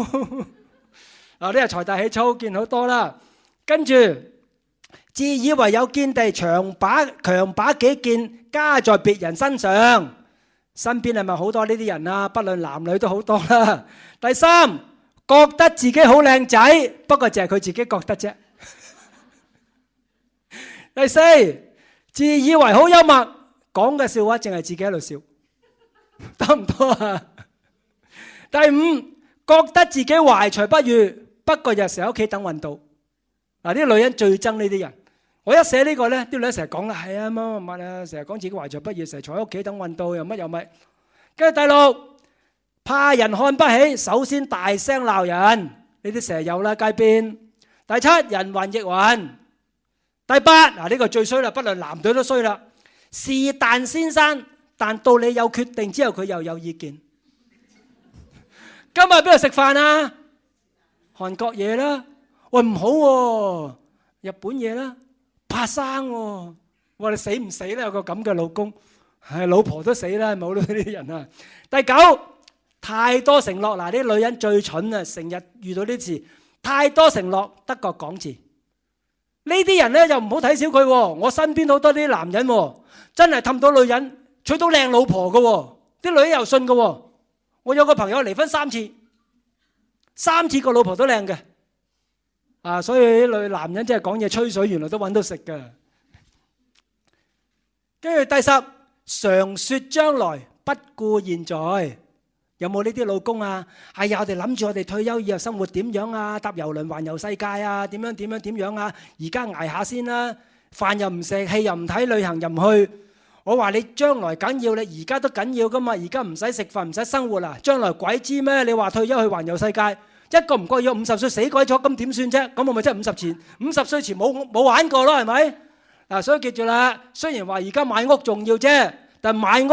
S1: 啊，呢啲財大氣粗，見好多啦。跟住自以為有見地，長把強把幾件加在別人身上。身邊係咪好多呢啲人啊？不論男女都好多啦。第三，覺得自己好靚仔，不過淨係佢自己覺得啫。第四，自以為好幽默。講嘅笑話淨係自己喺度笑，得唔多啊。第五，覺得自己懷才不遇，不過又成日喺屋企等運到。嗱，啲女人最憎呢啲人。我一寫呢個咧，啲女成日講啦，係啊，乜乜乜啊，成日講自己懷才不遇，成日坐喺屋企等運到，又乜又乜。跟住第六，怕人看不起，首先大聲鬧人。呢啲成日有啦，街邊。第七，人云亦云。第八，嗱，呢個最衰啦，不論男女都衰啦。是但先生，但到你有決定之後，佢又有意見。今日邊度食飯啊？韓國嘢啦，喂，唔好喎；日本嘢啦，怕生喎。話你死唔死咧？有個咁嘅老公，唉，老婆都死啦，冇啦，呢啲人啊。第九，太多承諾。嗱，啲女人最蠢啊，成日遇到呢啲字，太多承諾，得個講字。呢啲人呢就唔好睇小佢、哦，我身邊好多啲男人、哦，真係氹到女人娶到靚老婆嘅、哦，啲女又信嘅、哦。我有個朋友離婚三次，三次個老婆都靚嘅，啊！所以啲女男人真係講嘢吹水，原來都揾到食嘅。跟住第十，常說將來不顧現在。有冇呢啲老公啊？哎呀，我哋諗住我哋退休以後生活點樣啊？搭遊輪環遊世界啊？點樣點樣點樣啊？而家捱下先啦，飯又唔食，戲又唔睇，旅行又唔去。我話你將來緊要，你而家都緊要噶嘛？而家唔使食飯，唔使生活啦，將來鬼知咩？你話退休去環遊世界，一個唔過咗五十歲死鬼咗，咁點算啫？咁我咪即係五十前五十歲前冇冇玩過咯？係咪嗱？所以記住啦，雖然話而家買屋重要啫，但買屋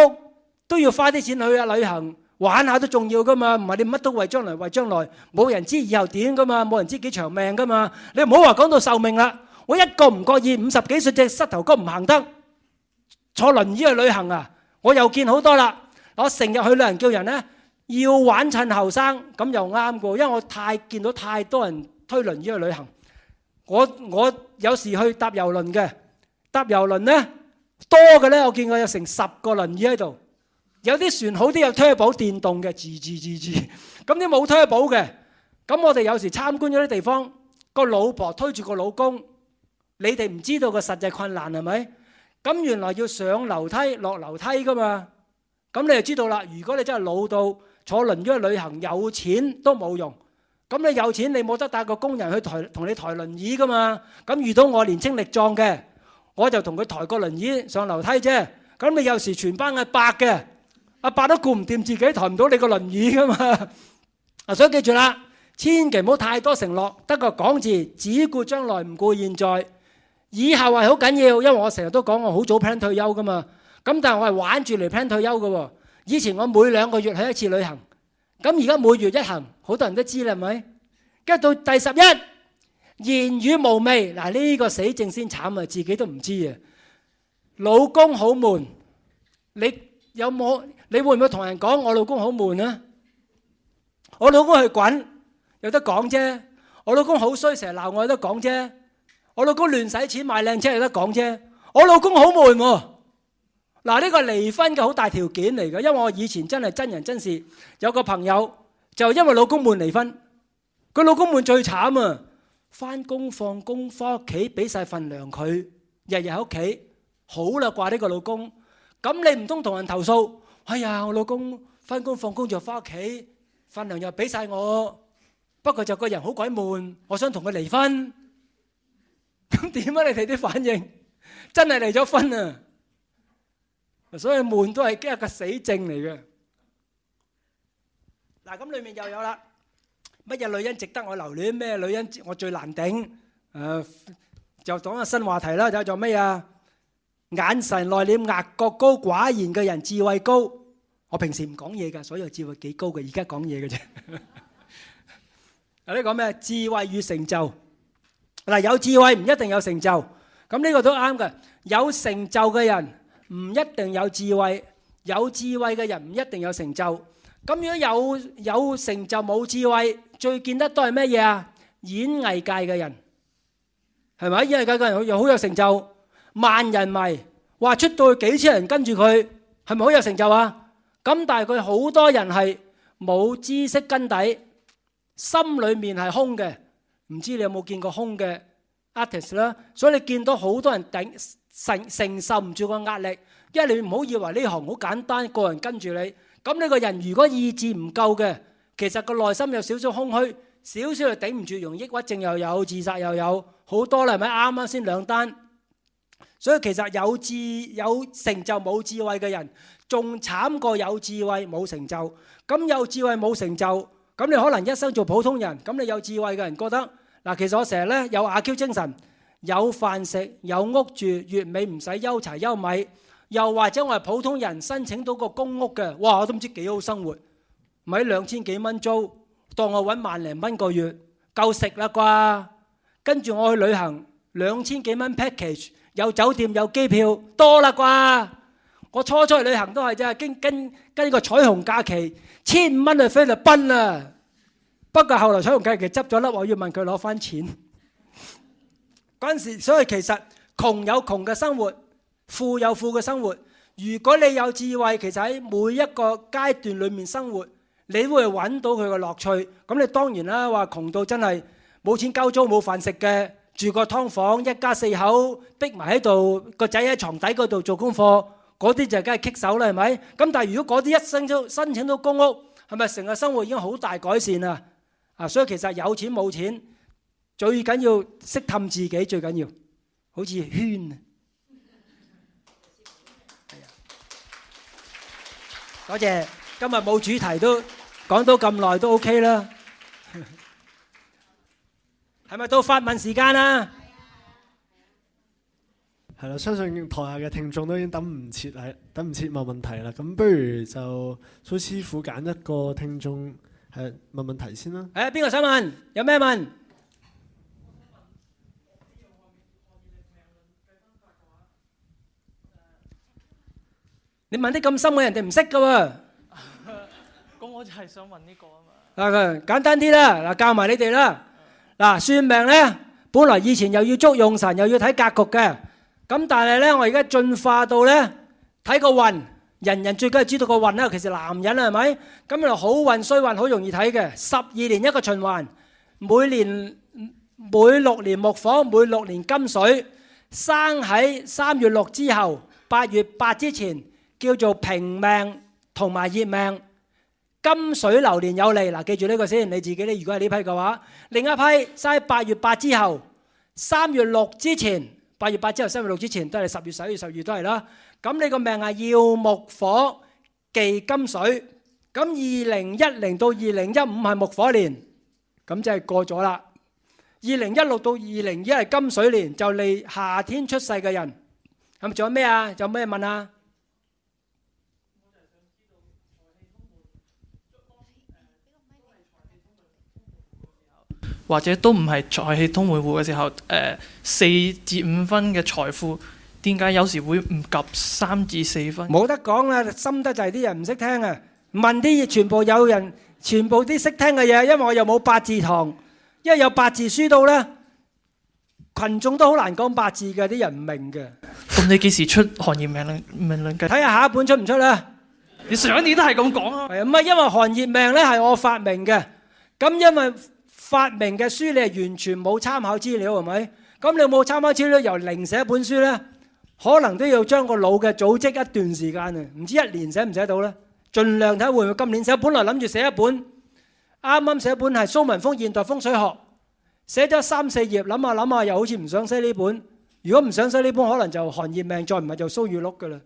S1: 都要花啲錢去啊旅行。玩下都重要噶嘛，唔係你乜都為將來為將來，冇人知以後點噶嘛，冇人知幾長命噶嘛。你唔好話講到壽命啦，我一個唔覺意五十幾歲隻膝頭哥唔行得，坐輪椅去旅行啊！我又見好多啦，我成日去旅行叫人咧要玩趁後生，咁又啱過，因為我太見到太多人推輪椅去旅行。我我有時去搭遊輪嘅，搭遊輪咧多嘅咧，我見過有成十個輪椅喺度。有啲船好啲有推補電動嘅自自自自，咁啲冇推補嘅，咁我哋有時參觀咗啲地方，個老婆推住個老公，你哋唔知道個實際困難係咪？咁原來要上樓梯落樓梯噶嘛，咁你就知道啦。如果你真係老到坐輪椅去旅行，有錢都冇用。咁你有錢你冇得帶個工人去抬同你抬輪椅噶嘛？咁遇到我年青力壯嘅，我就同佢抬個輪椅上樓梯啫。咁你有時全班係白嘅。阿伯都顧唔掂自己，抬唔到你個輪椅噶嘛？啊，所以記住啦，千祈唔好太多承諾，得個講字，只顧將來唔顧現在。以後係好緊要，因為我成日都講我好早 plan 退休噶嘛。咁但係我係玩住嚟 plan 退休噶喎。以前我每兩個月去一次旅行，咁而家每月一行，好多人都知啦，係咪？跟住到第十一，言語無味嗱，呢個死症先慘啊，自己都唔知啊。老公好悶，你。有沒有，你會不會同人講，我老公好悶啊？咁你唔通同人投訴？哎呀，我老公翻工放工就翻屋企，份糧又俾曬我，不過就個人好鬼悶，我想同佢離婚。咁點解你哋啲反應？真係離咗婚啊！所以悶都係今日嘅死症嚟嘅。嗱，咁裏面又有啦，乜嘢女人值得我留戀？咩女人我最難頂？誒，就講下新話題啦，就做咩啊？眼神內斂、額角高、寡言嘅人，智慧高。我平時唔講嘢噶，所以我智慧幾高嘅，而家講嘢嘅啫。嗱，你講咩？智慧與成就。嗱，有智慧唔一定有成就，咁呢個都啱嘅。有成就嘅人唔一定有智慧，有智慧嘅人唔一定有成就。咁如果有有成就冇智慧，最見得多係咩嘢啊？演藝界嘅人係咪？演藝界嘅人又好有成就。萬人迷話出到去幾千人跟住佢，係咪好有成就啊？咁但係佢好多人係冇知識根底，心裏面係空嘅，唔知你有冇見過空嘅 artist 啦？所以你見到好多人頂承承受唔住個壓力，因為你唔好以為呢行好簡單，個人跟住你，咁呢個人如果意志唔夠嘅，其實個內心有少少空虛，少少就頂唔住，用抑鬱症又有，自殺又有，好多啦，係咪啱啱先兩單？所以其實有智有成就冇智慧嘅人仲慘過有智慧冇成就。咁有智慧冇成就，咁你可能一生做普通人。咁你有智慧嘅人覺得嗱，其實我成日咧有阿 Q 精神，有飯食，有屋住，月尾唔使憂柴憂米。又或者我係普通人，申請到個公屋嘅，哇我都唔知幾好生活，咪兩千幾蚊租，當我揾萬零蚊個月夠食啦啩。跟住我去旅行，兩千幾蚊 package。有酒店有機票多啦啩。我初初去旅行都係啫，跟跟跟個彩虹假期千五蚊去菲律賓啊。不過後來彩虹假期執咗粒，我要問佢攞翻錢嗰陣時，所以其實窮有窮嘅生活，富有富嘅生活。如果你有智慧，其實喺每一個階段裏面生活，你會揾到佢嘅樂趣。咁你當然啦，話窮到真係冇錢交租冇飯食嘅。住個劏房，一家四口逼埋喺度，個仔喺床底嗰度做功課，嗰啲就梗係棘手啦，係咪？咁但係如果嗰啲一生都申請到公屋，係咪成個生活已經好大改善啊？啊，所以其實有錢冇錢，最緊要識氹自己，最緊要，好似圈啊！多謝，今日冇主題都講到咁耐都 OK 啦。係咪到發問時間啦？係啦，相信台下嘅聽眾都已經等唔切，係等唔切問問題啦。咁不如就蘇師傅揀一個聽眾係問問題先啦。誒，邊個想問？有咩問？你問啲咁深嘅，人哋唔識㗎喎。咁我就係想問呢個啊嘛。啊，簡單啲啦，嗱，教埋你哋啦。嗱，算命呢，本來以前又要捉用神，又要睇格局嘅，咁但係呢，我而家進化到呢，睇個運，人人最緊要知道個運啦，尤其是男人啦，係咪？咁、嗯、咪好運衰運好容易睇嘅，十二年一個循環，每年每六年木火，每六年金水，生喺三月六之後，八月八之前，叫做平命同埋熱命。金水流年有利，嗱，記住呢個先。你自己咧，如果係呢批嘅話，另一批生喺八月八之後，三月六之前，八月八之後，三月六之前，都係十月、十一月、十二月都係啦。咁你個命係要木火忌金水。咁二零一零到二零一五係木火年，咁即係過咗啦。二零一六到二零一係金水年，就利夏天出世嘅人。咁仲有咩啊？有咩問啊？或者都唔係財氣通門戶嘅時候，誒四至五分嘅財富，點解有時會唔及三至四分？冇得講啊，深得滯啲人唔識聽啊，問啲嘢全部有人，全部啲識聽嘅嘢，因為我又冇八字堂，因為有八字書到咧，羣眾都好難講八字嘅，啲人唔明嘅。咁你幾時出行業命論命論計？睇下下一本出唔出啦。你上年都係咁講啊。唔係因為行業命咧係我發明嘅，咁因為。發明嘅書你係完全冇參考資料係咪？咁你有冇參考資料？由零寫本書咧，可能都要將個腦嘅組織一段時間啊！唔知一年寫唔寫到咧？盡量睇會唔會今年寫。本來諗住寫一本，啱啱寫一本係蘇文峰現代風水學，寫咗三四頁，諗下諗下又好似唔想寫呢本。如果唔想寫呢本，可能就寒熱命，再唔係就蘇語錄噶啦。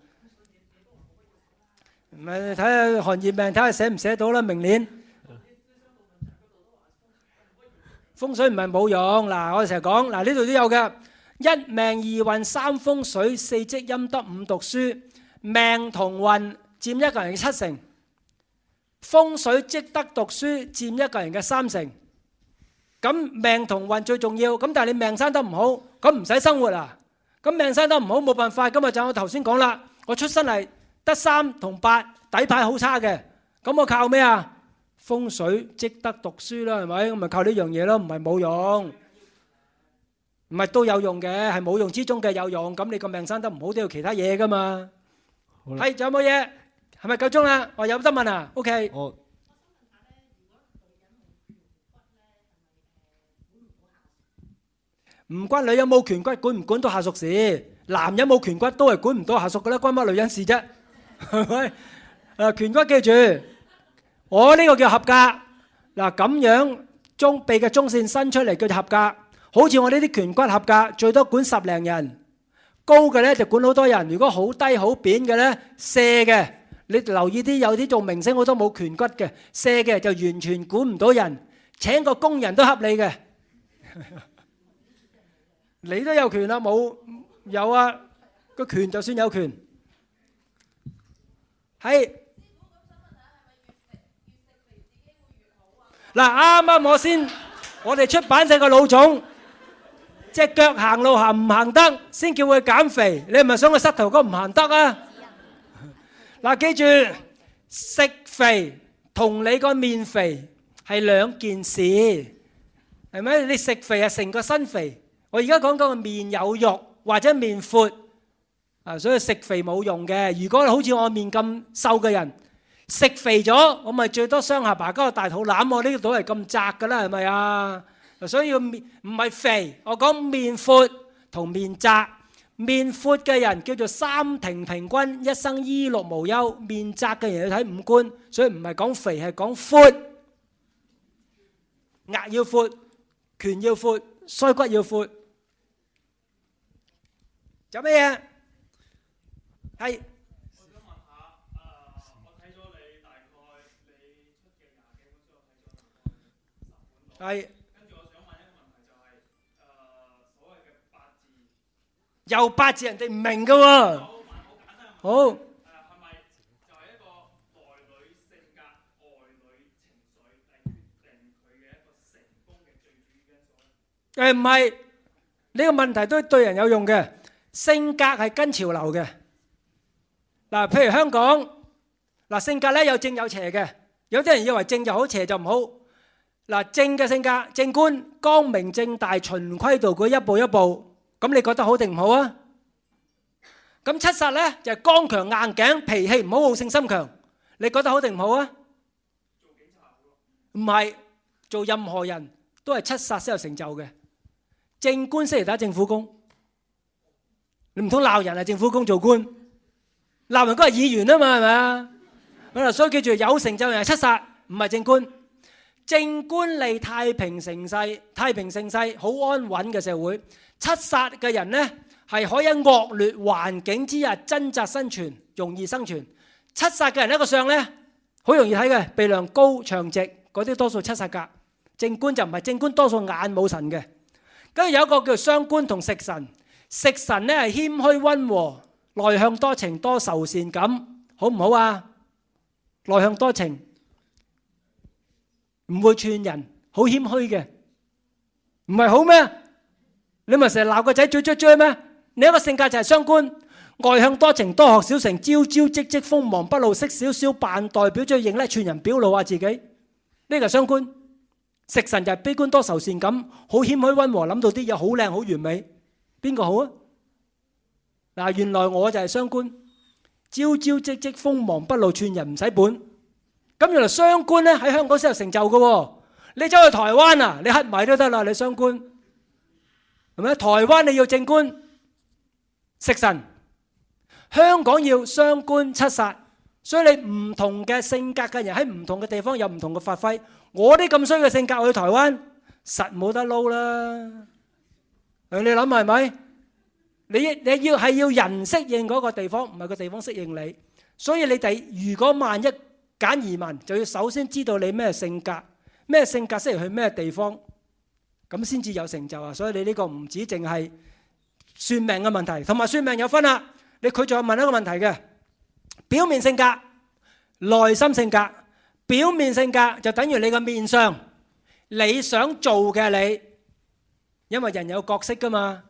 S1: 唔係睇下寒熱命，睇下寫唔寫到啦，明年。風水唔係冇用，嗱我哋成日講，嗱呢度都有嘅，一命二運三風水四積陰德五讀書，命同運占一個人嘅七成，風水積德讀書占一個人嘅三成，咁命同運最重要，咁但係你命生得唔好，咁唔使生活啦，咁命生得唔好冇辦法，今日就我頭先講啦，我出身係得三同八底牌好差嘅，咁我靠咩啊？風水積德讀書啦，係咪？咁咪靠呢樣嘢咯，唔係冇用，唔係都有用嘅，係冇用之中嘅有用。咁你個命生得唔好都要其他嘢噶嘛？係仲有冇嘢？係咪夠鐘啦？我有得問啊。OK，唔關女人冇顴骨，管唔管到下屬事？男人冇顴骨都係管唔到下屬噶啦，關乜女人事啫？係咪？誒，顴骨記住。我呢個叫合格，嗱咁樣中臂嘅中線伸出嚟叫合格，好似我呢啲顴骨合格，最多管十零人。高嘅咧就管好多人，如果好低好扁嘅咧，斜嘅，你留意啲有啲做明星好多冇顴骨嘅，斜嘅就完全管唔到人，請個工人都合理嘅。你都有顴啦，冇有啊？個顴就算有顴，係。嗱，啱啱我先，我哋出版社個老總，隻腳行路行唔行得，先叫佢減肥。你係咪想佢膝頭哥唔行得啊？嗱，記住，食肥同你個面肥係兩件事，係咪？你食肥係成個身肥，我而家講講個面有肉或者面闊啊，所以食肥冇用嘅。如果好似我面咁瘦嘅人。食肥咗，我咪最多雙下巴、個大肚腩。我呢個肚係咁窄噶啦，係咪啊？所以要面唔係肥，我講面闊同面窄。面闊嘅人叫做三庭平均，一生衣祿無憂。面窄嘅人要睇五官，所以唔係講肥，係講闊。額要闊，拳要闊，腮骨要闊。有咩嘢？係。係，跟住我想問一個問題，就係誒所謂嘅八字，又八字人哋唔明噶喎。好，誒係咪就係一個內女性格外女情緒，決定佢嘅一個成功嘅最主要嘅因素？誒唔係呢個問題都係對人有用嘅。性格係跟潮流嘅，嗱，譬如香港嗱性格咧有正有邪嘅，有啲人以為正就好，邪就唔好。嗱，正嘅性格，正官，光明正大，循規蹈矩，一步一步，咁你覺得好定唔好啊？咁七殺呢就係剛強硬頸，脾氣唔好，好勝心強，你覺得好定唔好啊？做警察，唔係，做任何人都係七殺先有成就嘅，正官先嚟打政府工，你唔通鬧人係政府工做官？鬧人嗰係議員啊嘛，係咪啊？咁啊，所以叫做有成就人係七殺，唔係正官。正官利太平盛世，太平盛世好安穩嘅社會。七煞嘅人呢，係可以惡劣環境之下掙扎生存，容易生存。七煞嘅人一個相呢，好容易睇嘅，鼻樑高、長直，嗰啲多數七煞格。正官就唔係正官，多數眼冇神嘅。跟住有一個叫雙官同食神，食神呢係謙虛溫和、內向多情、多愁善感，好唔好啊？內向多情。唔會串人，好謙虛嘅，唔係好咩？你咪成日鬧個仔追追追咩？你一個性格就係傷官，外向多情，多學少成，招招積積鋒芒不露，識少少扮代表，最認叻串人，表露下自己。呢個傷官食神就係悲觀多愁善感，好謙虛溫和，諗到啲嘢好靚好完美。邊個好啊？嗱，原來我就係傷官，招招積積鋒芒不露，串人唔使本。咁原來傷官咧喺香港先有成就嘅喎，你走去台灣啊，你乞米都得啦，你傷官係咪啊？台灣你要正官食神，香港要傷官七殺，所以你唔同嘅性格嘅人喺唔同嘅地方有唔同嘅發揮。我啲咁衰嘅性格去台灣實冇得撈啦。你諗係咪？你你要係要人適應嗰個地方，唔係個地方適應你。所以你哋如果萬一，揀移民就要首先知道你咩性格，咩性格適合去咩地方，咁先至有成就啊！所以你呢個唔止淨係算命嘅問題，同埋算命有分啦。你佢仲要問一個問題嘅：表面性格、內心性格，表面性格就等於你個面相，你想做嘅你，因為人有角色噶嘛。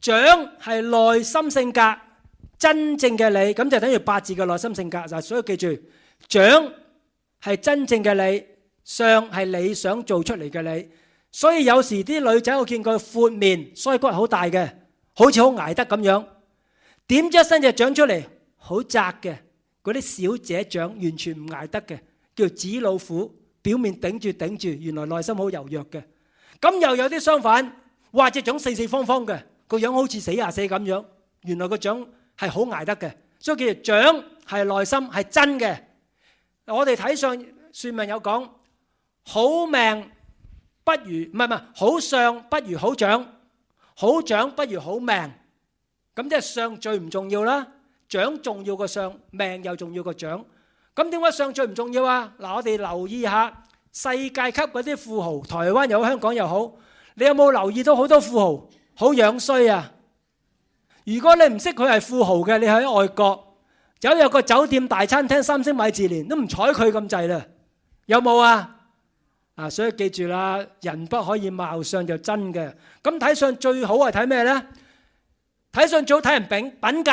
S1: 長係內心性格真正嘅你，咁就等於八字嘅內心性格。所以記住。掌係真正嘅你，相係你想做出嚟嘅你，所以有時啲女仔我見佢闊面、腮骨好大嘅，好似好捱得咁樣，點知一伸隻掌出嚟好窄嘅，嗰啲小姐掌完全唔捱得嘅，叫紙老虎，表面頂住頂住，原來內心好柔弱嘅。咁又有啲相反，話隻掌四四方方嘅，個樣好似四廿四咁樣，原來個掌係好捱得嘅，所以叫做掌係內心係真嘅。我哋睇相算命有講，好命不如唔係唔係好相不如好掌，好掌不如好命，咁即係相最唔重要啦，掌重要過相，命又重要過掌。咁點解相最唔重要啊？嗱，我哋留意下世界級嗰啲富豪，台灣又好，香港又好，你有冇留意到好多富豪好樣衰啊？如果你唔識佢係富豪嘅，你喺外國。有有個酒店大餐廳三星米芝蓮都唔睬佢咁滯啦，有冇啊？啊，所以記住啦，人不可以貌相就真嘅。咁睇相最好係睇咩呢？睇相最好睇人品品格，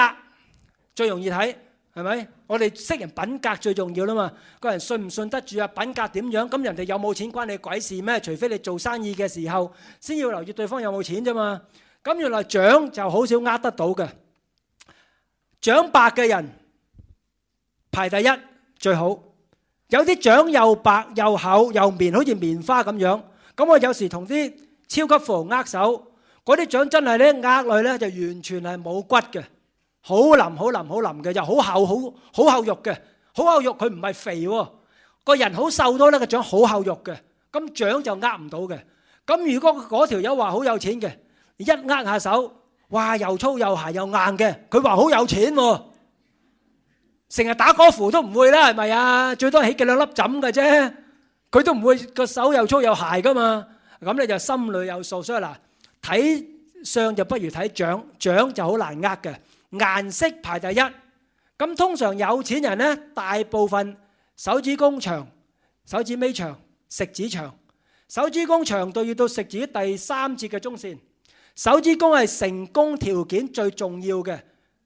S1: 最容易睇係咪？我哋識人品格最重要啦嘛。個人信唔信得住啊？品格點樣？咁人哋有冇錢關你鬼事咩？除非你做生意嘅時候先要留意對方有冇錢啫嘛。咁原來獎就好少呃得到嘅，獎白嘅人。排第一最好，有啲掌又白又厚又棉，好似棉花咁樣。咁我有時同啲超級富豪握手，嗰啲掌真係咧握落去咧就完全係冇骨嘅，好腍好腍好腍嘅，又好厚好好厚肉嘅，好厚肉佢唔係肥喎，個人好瘦多咧，個掌好厚肉嘅，咁掌就握唔到嘅。咁如果嗰條友話好有錢嘅，一握下手，哇又粗又鞋又硬嘅，佢話好有錢喎。成日打歌符都唔會啦，係咪啊？最多起幾兩粒枕嘅啫，佢都唔會個手又粗又鞋噶嘛。咁你就心裏有數啦。所以，睇相就不如睇掌，掌就好難呃嘅。顏色排第一。咁通常有錢人咧，大部分手指公長，手指尾長，食指長。手指公長到要到食指第三節嘅中線。手指公係成功條件最重要嘅。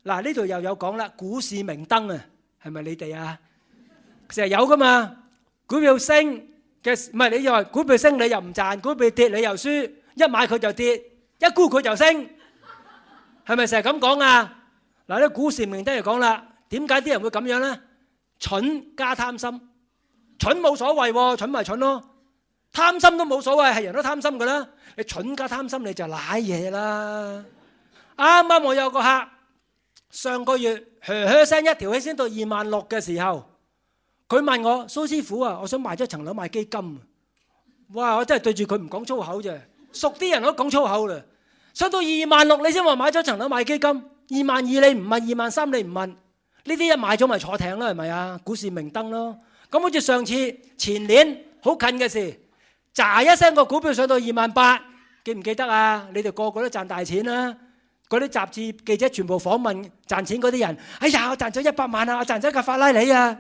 S1: 嗱呢度又有講啦，股市明燈啊！係咪你哋啊？成日有噶嘛？股票升嘅唔係你以為股票升你又唔賺，股票跌你又輸，一買佢就跌，一沽佢就升，係咪成日咁講啊？嗱，啲股市名低嚟講啦，點解啲人會咁樣咧？蠢加貪心，蠢冇所謂，蠢咪蠢咯，貪心都冇所謂，係人都貪心噶啦，你蠢加貪心你就舐嘢啦。啱啱我有個客。上個月噓噓聲一條起先到二萬六嘅時候，佢問我蘇師傅啊，我想賣咗層樓買基金。哇！我真係對住佢唔講粗口啫，熟啲人都講粗口啦。上到二萬六，你先話買咗層樓買基金。二萬二你唔問，二萬三你唔問，呢啲一買咗咪坐艇啦，係咪啊？股市明燈咯。咁好似上次前年好近嘅事，咋一聲個股票上到二萬八，記唔記得啊？你哋個個都賺大錢啦。嗰啲雜誌記者全部訪問賺錢嗰啲人，哎呀，我賺咗一百萬啊，我賺咗一架法拉利啊，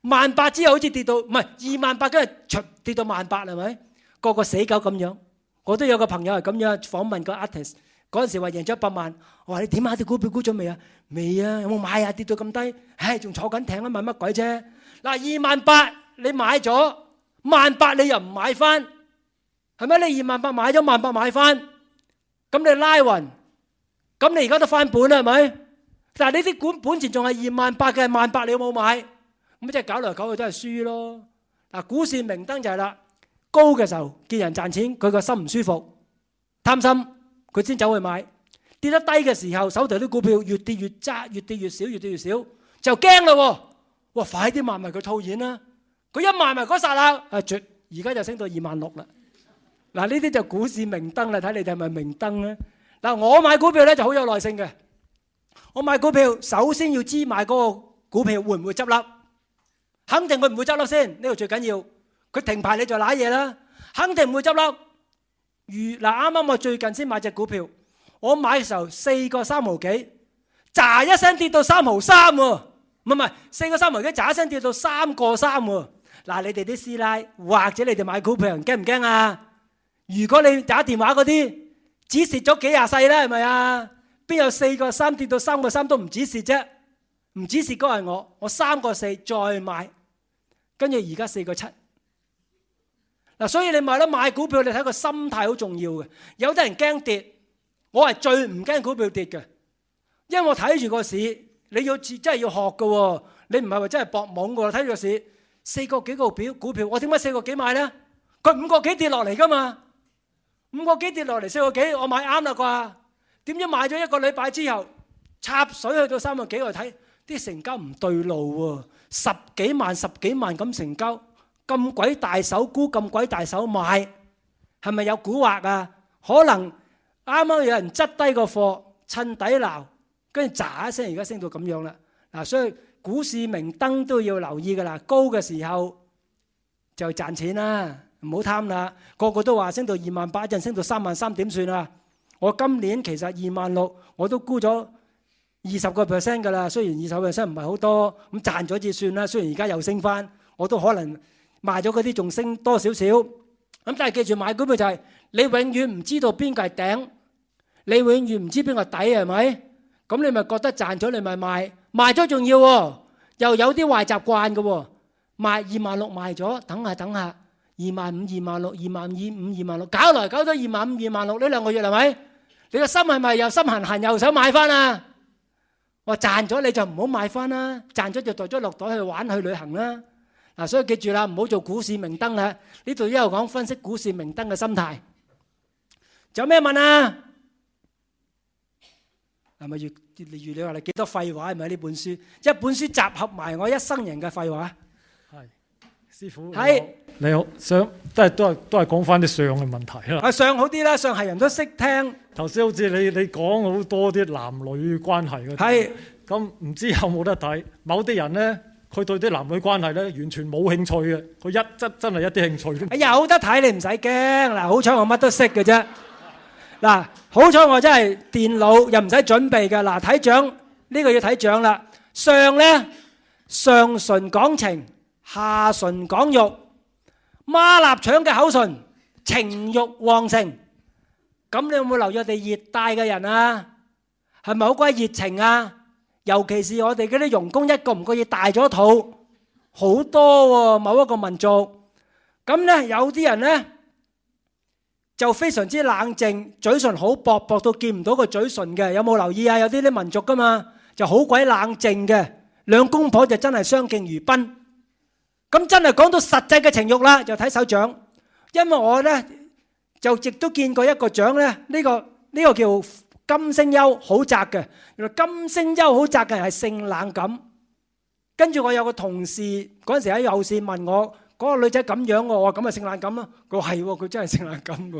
S1: 萬八之後好似跌到唔係二萬八，跟住跌到萬八係咪？個個死狗咁樣。我都有個朋友係咁樣訪問個 artist，嗰陣時話贏咗一百萬，我話你點解啲股票沽咗未啊？未啊，有冇買啊？跌到咁低，唉，仲坐緊艇啊，買乜鬼啫？嗱，二萬八你買咗，萬八你又唔買翻，係咪？你二萬八買咗萬八買翻，咁你拉勻。咁你而家都翻本啦，係咪？但係呢啲股本錢仲係二萬八嘅萬八，你有冇買？咁即係搞嚟搞去都係輸咯。嗱，股市明燈就係啦，高嘅時候見人賺錢，佢個心唔舒服，貪心，佢先走去買。跌得低嘅時候，手頭啲股票越跌越揸，越跌越少，越跌越少，就驚啦！哇，快啲賣埋佢套現啦！佢一賣埋嗰剎那，而家就升到二萬六啦。嗱，呢啲就股市明燈啦，睇你哋係咪明燈咧？嗱，我買股票咧就好有耐性嘅。我買股票首先要知買嗰個股票會唔會執笠，肯定佢唔會執笠先，呢個最緊要。佢停牌你就瀨嘢啦，肯定唔會執笠。如嗱啱啱我最近先買隻股票，我買嘅時候四個三毫幾，咋一聲跌到三毫三喎，唔係唔係四個三毫幾，咋一聲跌到三個三喎。嗱，你哋啲師奶或者你哋買股票人驚唔驚啊？如果你打電話嗰啲。隻蝕咗幾廿世啦，係咪啊？邊有四個三跌到三個三都唔止蝕啫？唔止蝕嗰，係我，我三個四再買，跟住而家四個七。嗱，所以你買得買股票，你睇個心態好重要嘅。有啲人驚跌，我係最唔驚股票跌嘅，因為我睇住個市，你要真係要學噶。你唔係話真係搏懵噶，睇住個市，四個幾個表股票，我點解四個幾買咧？佢五個幾跌落嚟噶嘛？五個幾跌落嚟四個幾，我買啱啦啩？點知買咗一個禮拜之後插水去到三個幾，我睇啲成交唔對路喎，十幾萬十幾萬咁成交，咁鬼大手沽，咁鬼大手買，係咪有蠱惑啊？可能啱啱有人執低個貨，趁底撈，跟住喳一聲而家升到咁樣啦。嗱，所以股市明燈都要留意噶啦，高嘅時候就賺錢啦。唔好貪啦！個個都話升到二萬八，一陣升到三萬三，點算啊？我今年其實二萬六，我都沽咗二十個 percent 㗎啦。雖然二十 percent 唔係好多，咁賺咗至算啦。雖然而家又升返，我都可能賣咗嗰啲，仲升多少少。咁但係記住買股票就係你永遠唔知道邊個係頂，你永遠唔知邊個底係咪咁？你咪覺得賺咗，你咪賣賣咗仲要喎、啊，又有啲壞習慣嘅喎。賣二萬六賣咗，等下等下。二萬五、二萬六、二萬五、二萬六，搞來搞去二萬五、二萬六呢兩個月係咪？你個心係咪又心痕痕又想買翻啊？我賺咗你就唔好買翻啦，賺咗就袋咗落袋去玩去旅行啦。嗱，所以記住啦，唔好做股市明燈啦。呢度一路講分析股市明燈嘅心態。仲有咩問啊？係咪例如你話你幾多廢話？係咪呢本書？一本書集合埋我一生人嘅廢話。師傅係你好，相都係都係都係講翻啲相嘅問題啦。啊，相好啲啦，相係人都識聽。頭先好似你你講好多啲男女關係嘅。係咁唔知有冇得睇？某啲人咧，佢對啲男女關係咧完全冇興趣嘅，佢一真真係一啲興趣。哎呀，有得睇你唔使驚，嗱，好彩我乜都識嘅啫。嗱，好彩我真係電腦又唔使準備嘅。嗱，睇掌呢個要睇掌啦。相咧，相純講情。下唇講肉，孖臘腸嘅口唇情欲旺盛。咁你有冇留意？我哋熱帶嘅人啊，係咪好鬼熱情啊？尤其是我哋嗰啲傭工，一個唔覺意大咗肚好多喎、哦。某一個民族咁呢，有啲人呢，就非常之冷靜，嘴唇好薄薄到見唔到個嘴唇嘅。有冇留意啊？有啲啲民族㗎嘛，就好鬼冷靜嘅。兩公婆就真係相敬如賓。咁真係講到實際嘅情欲啦，就睇手掌。因為我咧就亦都見過一個掌咧，呢個呢個叫金星丘好窄嘅。原來金星丘好窄嘅人係性冷感。跟住我有個同事嗰陣時喺後線問我，嗰個女仔咁樣，我話咁啊性冷感啦。佢話係，佢真係性冷感噶。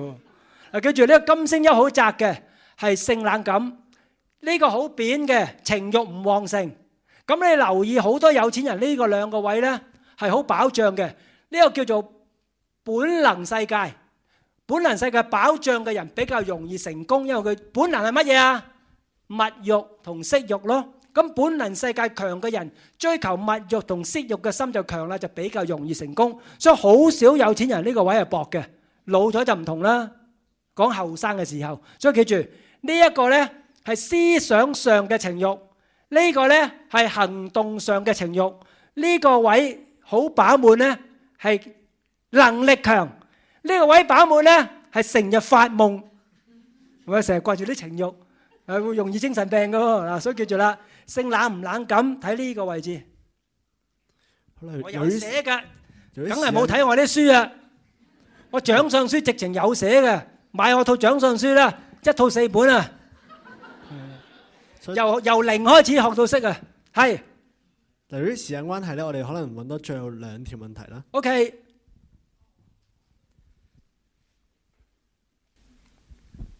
S1: 嗱，記住呢個金星丘好窄嘅係性冷感，呢個好扁嘅情欲唔旺盛。咁你留意好多有錢人呢個兩個位咧。係好保障嘅，呢個叫做本能世界。本能世界保障嘅人比較容易成功，因為佢本能係乜嘢啊？物欲同色欲咯。咁本能世界強嘅人，追求物欲同色欲嘅心就強啦，就比較容易成功。所以好少有錢人呢個位係薄嘅。老咗就唔同啦，講後生嘅時候。所以記住呢一個咧係思想上嘅情欲，呢個咧係行動上嘅情欲，呢個位。好飽滿咧，係能力強；呢個位飽滿咧，係成日發夢，唔係成日掛住啲情欲，係會容易精神病噶。嗱，所以記住啦，性冷唔冷感睇呢個位置。我有寫噶，梗係冇睇我啲書啊！我掌上書直情有寫嘅，買我套掌上書啦，一套四本啊，由由零開始學到識啊，係。.由於時間關係咧，我哋可能揾到最後兩條問題啦。OK，誒、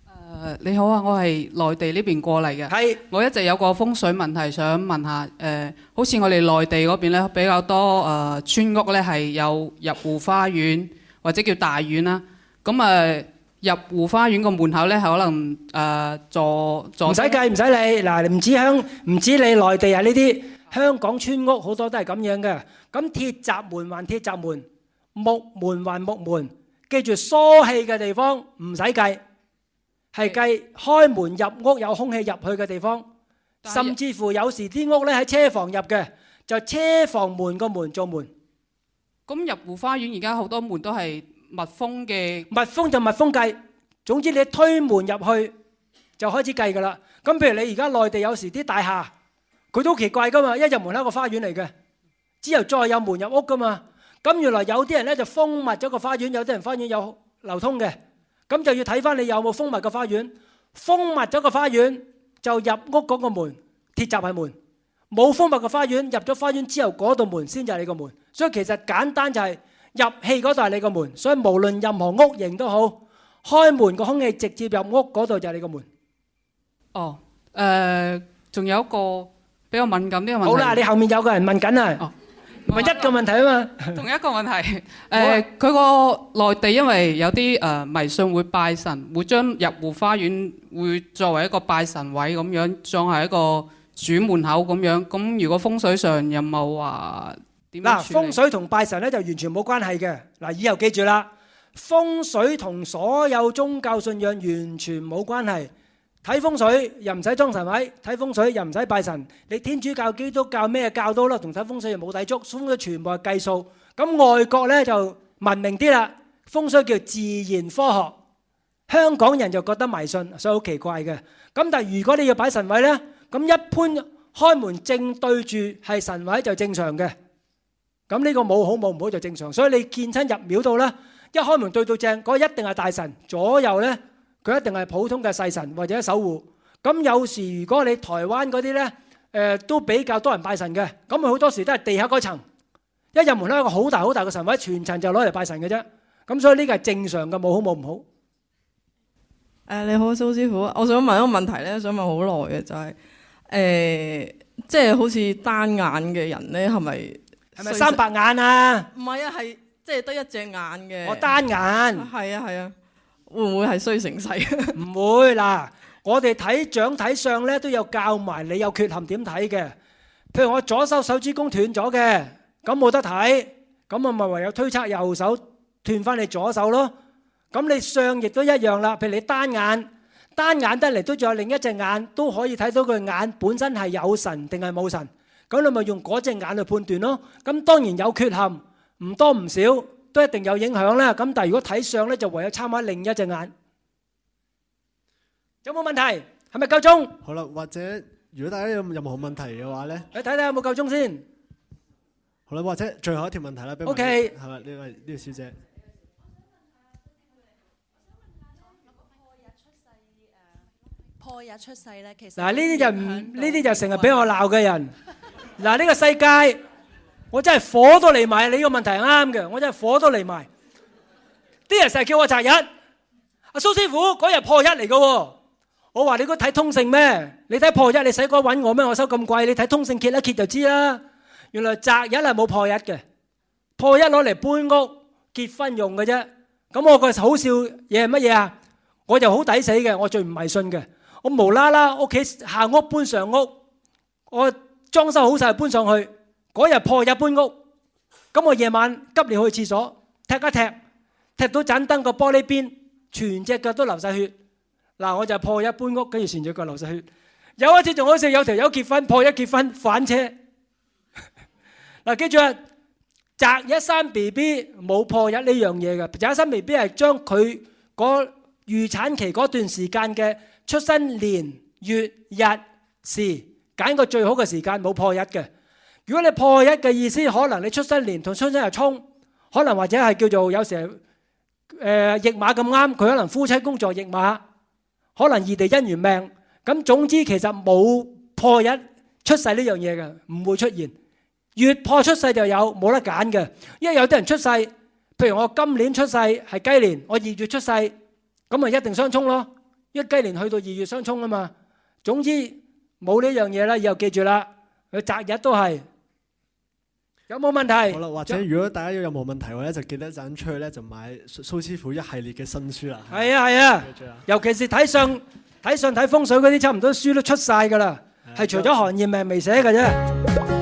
S1: uh, 你好啊，我係內地呢邊過嚟嘅。係是，我一直有個風水問題想問下誒，uh, 好似我哋內地嗰邊咧比較多誒、uh, 村屋咧，係有入戶花園或者叫大院啦。咁誒、uh, 入戶花園個門口咧，係可能誒、uh, 坐唔使計，唔使理嗱，唔止響，唔止，你內地啊呢啲。香港村屋好多都係咁樣嘅，咁鐵閘門還鐵閘門，木門還木門。記住疏氣嘅地方唔使計，係計開門入屋有空氣入去嘅地方。甚至乎有時啲屋咧喺車房入嘅，就車房門個門做門。咁入戶花園而家好多門都係密封嘅，密封就密封計。總之你推門入去就開始計㗎啦。咁譬如你而家內地有時啲大廈。佢都奇怪噶嘛？一入門係個花園嚟嘅，之後再有門入屋噶嘛？咁原來有啲人咧就封密咗個花園，有啲人花園有流通嘅，咁就要睇翻你有冇封密個花園。封密咗個花園就入屋嗰個門，鐵閘係門；冇封密個花園入咗花園之後，嗰度門先就係你個門。所以其實簡單就係入氣嗰度係你個門。所以無論任何屋型都好，開門個空氣直接入屋嗰度就係你個門。哦，誒，仲有一個。比較敏感啲嘅問題。好啦，你後面有個人問緊呀，唔係一個問題啊嘛。同一個問題，誒，佢個內地因為有啲誒迷信會拜神，會將入戶花園會作為一個拜神位咁樣，當係一個主門口咁樣。咁如果風水上有冇話點？嗱，風水同拜神咧就完全冇關係嘅。嗱，以後記住啦，風水同所有宗教信仰完全冇關係。睇風水又唔使裝神位，睇風水又唔使拜神。你天主教、基督教咩教都好啦，同睇風水又冇抵觸，風水全部係計數。咁外國咧就文明啲啦，風水叫自然科學。香港人就覺得迷信，所以好奇怪嘅。咁但係如果你要擺神位咧，咁一般開門正對住係神位就正常嘅。咁呢個冇好冇唔好就正常。所以你見親入廟度咧，一開門對到正，嗰一定係大神。左右咧。佢一定係普通嘅細神或者守護，咁有時如果你台灣嗰啲咧，誒都比較多人拜神嘅，咁好多時都係地下嗰層，一入門咧一個好大好大嘅神位，全層就攞嚟拜神嘅啫，咁所以呢個係正常嘅，冇好冇唔好。誒你好，蘇師傅，我想問一個問題咧，想問好耐嘅就係，誒即係好似單眼嘅人咧，係咪係咪三白眼啊？唔係啊，係即係得一隻眼嘅。我單眼。係啊，係啊。會唔會係衰成世？唔會嗱，我哋睇掌睇相咧都有教埋你有缺陷點睇嘅。譬如我左手手指公斷咗嘅，咁冇得睇，咁我咪唯有推測右手斷翻你左手咯。咁你相亦都一樣啦。譬如你單眼，單眼得嚟都仲有另一隻眼都可以睇到佢眼本身係有神定係冇神。咁你咪用嗰隻眼去判斷咯。咁當然有缺陷，唔多唔少。都一定有影響啦，咁但係如果睇相咧，就唯有參考另一隻眼，有冇問題？係咪夠鐘？好啦，或者如果大家有任何問題嘅話咧，你睇睇有冇夠鐘先。好啦，或者最後一條問題啦，俾我，OK，係咪？呢位呢位小姐。破日出世咧，其實嗱呢啲就唔呢啲就成日俾我鬧嘅人。嗱呢個世界。我真係火都嚟埋，你個問題係啱嘅。我真係火都嚟埋，啲人成日叫我擇日。阿蘇師傅嗰日破日嚟嘅，我話你估睇通勝咩？你睇破日，你使鬼揾我咩？我收咁貴，你睇通勝揭一揭就知啦。原來擇日係冇破日嘅，破日攞嚟搬屋結婚用嘅啫。咁我個好笑嘢係乜嘢啊？我就好抵死嘅，我最唔迷信嘅。我無啦啦屋企下屋搬上屋，我裝修好晒搬上去。嗰日破日搬屋，咁我夜晚急尿去廁所踢一踢，踢到盞燈個玻璃邊，全隻腳都流晒血。嗱，我就破日搬屋，跟住全隻腳流晒血。有一次仲好笑，有條友結婚，破日結婚反車嗱， 記住啊，擇日生 B B 冇破日呢樣嘢嘅，擇日生 B B 係將佢嗰預產期嗰段時間嘅出生年月日時揀個最好嘅時間，冇破日嘅。如果你破一嘅意思，可能你出生年同出生日沖，可能或者係叫做有時誒驛馬咁啱，佢可能夫妻工作驛馬，可能異地姻緣命，咁總之其實冇破一出世呢樣嘢嘅，唔會出現。月破出世就有，冇得揀嘅。因為有啲人出世，譬如我今年出世係雞年，我二月出世，咁咪一定相沖咯，因為雞年去到二月相沖啊嘛。總之冇呢樣嘢啦，以後記住啦，佢擇日都係。有冇問題？好啦，或者有如果大家有冇問題嘅話咧，就記得一陣就出去咧就買蘇蘇師傅一系列嘅新書啦。係啊係啊，尤其是睇相、睇相、 睇風水嗰啲，差唔多書都出晒噶啦，係、啊、除咗韓業命未寫嘅啫。